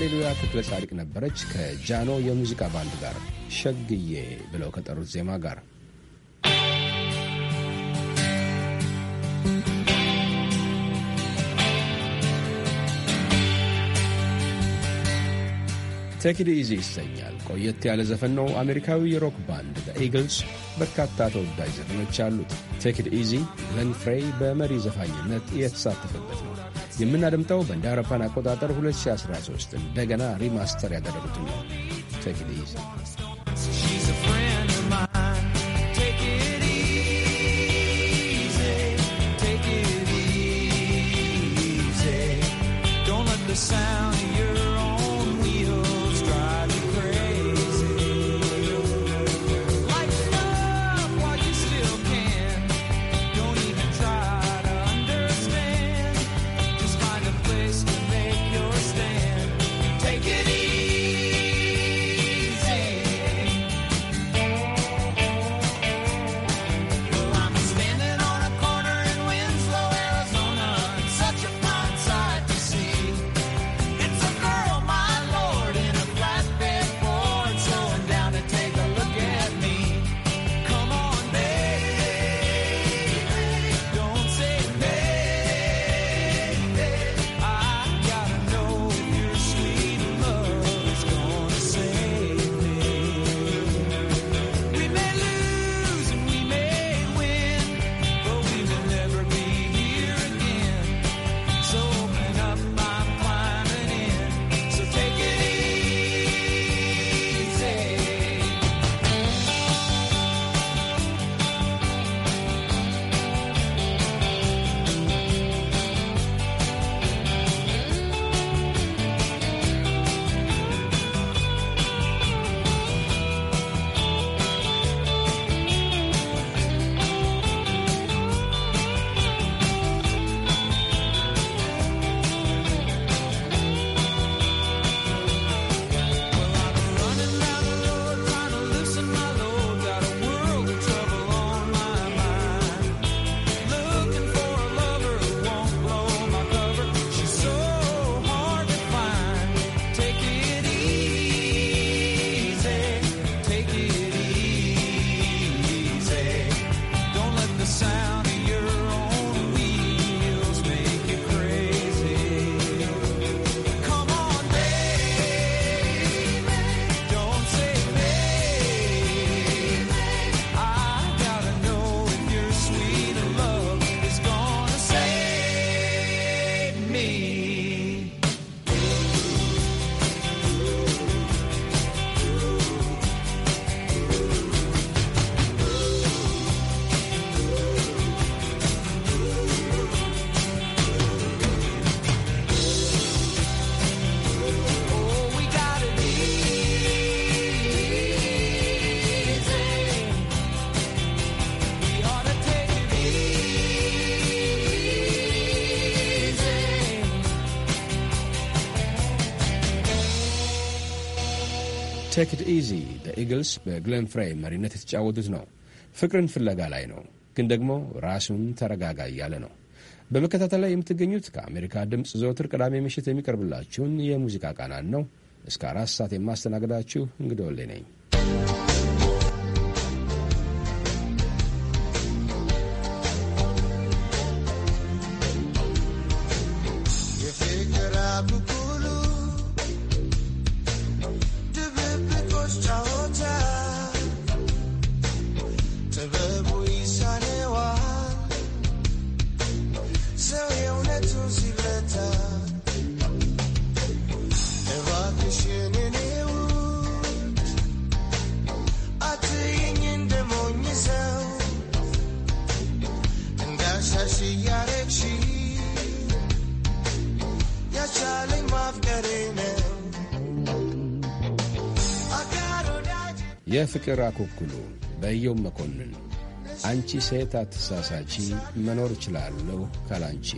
ሃሌሉያ ክፍለ ጻድቅ ነበረች ከጃኖ የሙዚቃ ባንድ ጋር ሸግዬ ብለው ከጠሩት ዜማ ጋር ቴክድ ኢዚ ይሰኛል። ቆየት ያለ ዘፈን ነው። አሜሪካዊ የሮክ ባንድ በኢግልስ በርካታ ተወዳጅ ዘፈኖች አሉት። ቴክድ ኢዚ ግለን ፍሬይ በመሪ ዘፋኝነት የተሳተፈበት ነው። የምናደምጠው በእንደ አውሮፓን አቆጣጠር 2013 እንደገና ሪማስተር ያደረጉትን ነው። ቴክ ኢት ኢዚ sound ቴክ ኢት ኢዚ በኢግልስ በግለን ፍሬይ መሪነት የተጫወቱት ነው። ፍቅርን ፍለጋ ላይ ነው፣ ግን ደግሞ ራሱን ተረጋጋ እያለ ነው። በመከታተል ላይ የምትገኙት ከአሜሪካ ድምፅ ዘወትር ቅዳሜ ምሽት የሚቀርብላችሁን የሙዚቃ ቃናን ነው። እስከ አራት ሰዓት የማስተናግዳችሁ እንግዲህ ወሌ ነኝ። ፍቅር አኩኩሉ በየውም መኮንን አንቺ ሴት አትሳሳቺ መኖር እችላለሁ ካላንቺ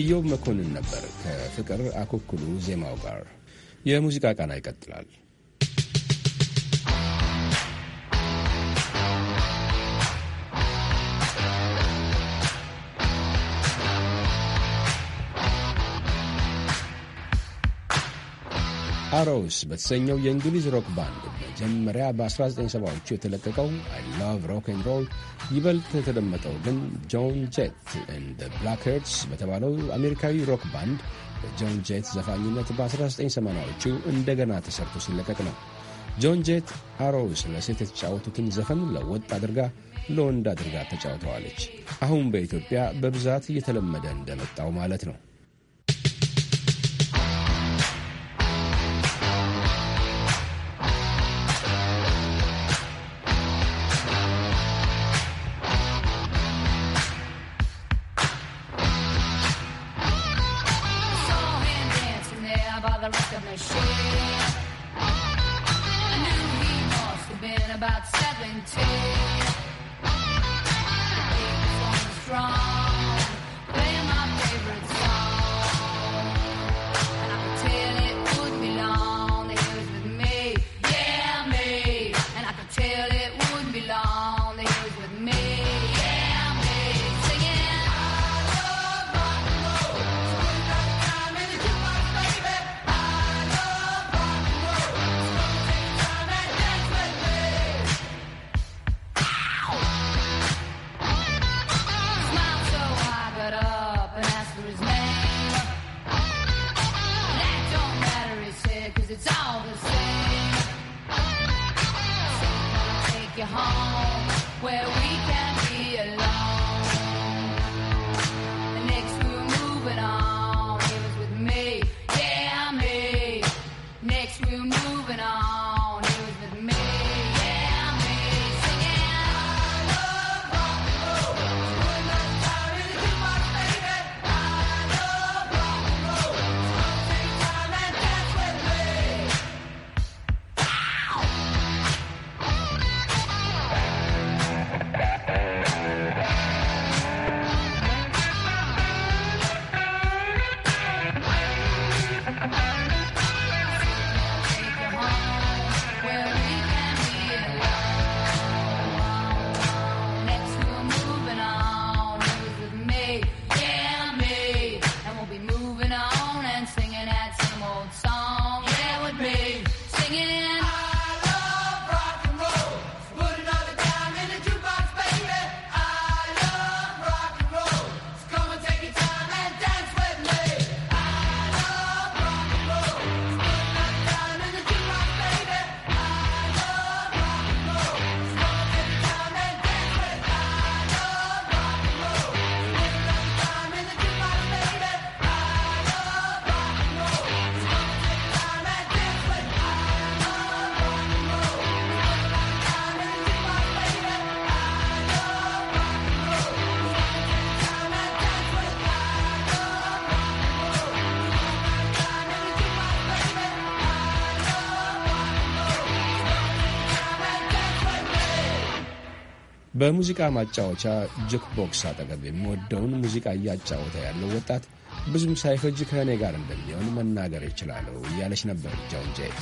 ኢዮብ መኮንን ነበር ከፍቅር አኮክሉ ዜማው ጋር። የሙዚቃ ቃና ይቀጥላል። አሮውስ በተሰኘው የእንግሊዝ ሮክ ባንድ መጀመሪያ በ1970ዎቹ የተለቀቀው አይ ላቭ ሮክ ኤንድ ሮል ይበልጥ የተደመጠው ግን ጆን ጄት እንደ ብላክሄርትስ በተባለው አሜሪካዊ ሮክ ባንድ በጆን ጄት ዘፋኝነት በ1980ዎቹ እንደገና ተሰርቶ ሲለቀቅ ነው። ጆን ጄት አሮውስ ለሴት የተጫወቱትን ዘፈን ለወጥ አድርጋ ለወንድ አድርጋ ተጫውተዋለች። አሁን በኢትዮጵያ በብዛት እየተለመደ እንደመጣው ማለት ነው። በሙዚቃ ማጫወቻ ጅክ ቦክስ አጠገብ የሚወደውን ሙዚቃ እያጫወተ ያለው ወጣት ብዙም ሳይፈጅ ከእኔ ጋር እንደሚሆን መናገር ይችላለሁ እያለች ነበር ጃውን ጄት።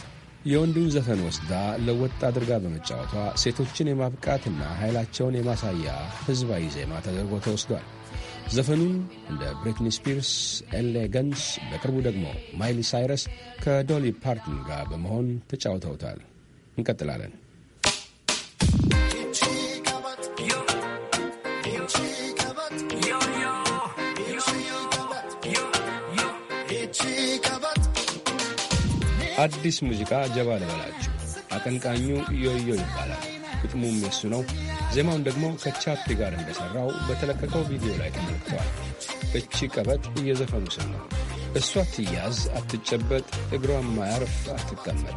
የወንዱን ዘፈን ወስዳ ለወጥ አድርጋ በመጫወቷ ሴቶችን የማብቃትና ኃይላቸውን የማሳያ ሕዝባዊ ዜማ ተደርጎ ተወስዷል። ዘፈኑን እንደ ብሪትኒ ስፒርስ፣ ኤሌገንስ በቅርቡ ደግሞ ማይሊ ሳይረስ ከዶሊ ፓርትን ጋር በመሆን ተጫውተውታል። እንቀጥላለን። አዲስ ሙዚቃ ጀባ ልበላችሁ። አቀንቃኙ ዮዮ ይባላል። ግጥሙም የሱ ነው። ዜማውን ደግሞ ከቻፒ ጋር እንደሠራው በተለቀቀው ቪዲዮ ላይ ተመልክተዋል። እቺ ቀበጥ እየዘፈኑ ስም ነው። እሷ ትያዝ አትጨበጥ፣ እግሯ ማያርፍ፣ አትቀመጥ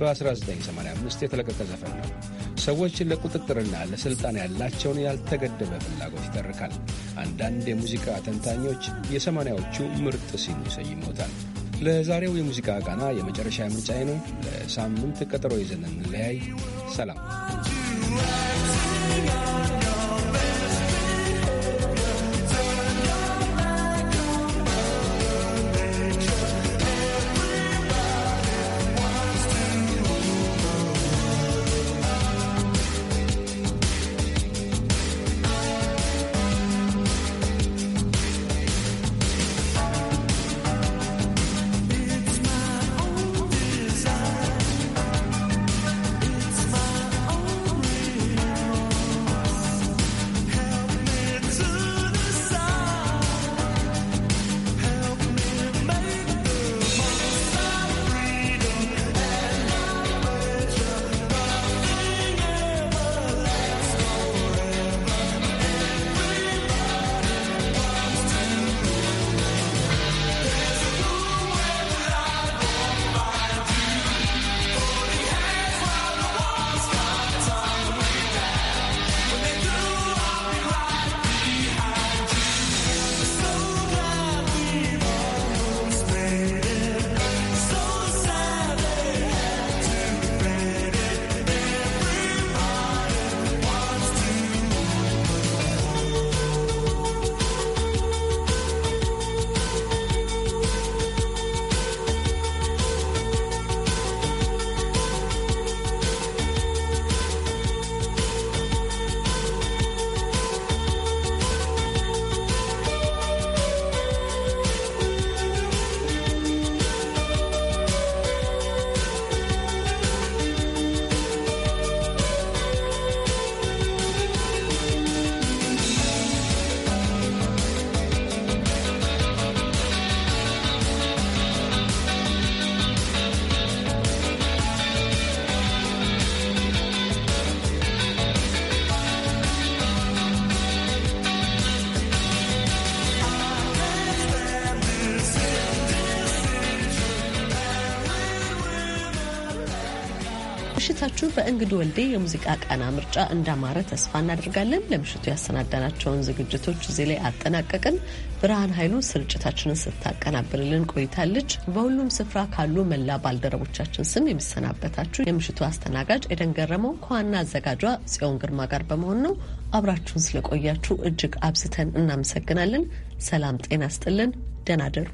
በ1985 የተለቀቀ ዘፈን ነው። ሰዎችን ለቁጥጥርና ለሥልጣን ያላቸውን ያልተገደበ ፍላጎት ይተርካል። አንዳንድ የሙዚቃ ተንታኞች የሰማንያዎቹ ምርጥ ሲሉ ሰይመውታል። ለዛሬው የሙዚቃ ቃና የመጨረሻ ምርጫዬ ነው። ለሳምንት ቀጠሮ ይዘን እንለያይ። ሰላም። ቆይታችሁ በእንግዱ ወልዴ የሙዚቃ ቃና ምርጫ እንዳማረ ተስፋ እናደርጋለን። ለምሽቱ ያሰናዳናቸውን ዝግጅቶች እዚህ ላይ አጠናቀቅን። ብርሃን ኃይሉ ስርጭታችንን ስታቀናብርልን ቆይታለች። በሁሉም ስፍራ ካሉ መላ ባልደረቦቻችን ስም የሚሰናበታችሁ የምሽቱ አስተናጋጅ ኤደን ገረመው ከዋና አዘጋጇ ጽዮን ግርማ ጋር በመሆን ነው። አብራችሁን ስለቆያችሁ እጅግ አብዝተን እናመሰግናለን። ሰላም ጤና ስጥልን። ደናደሩ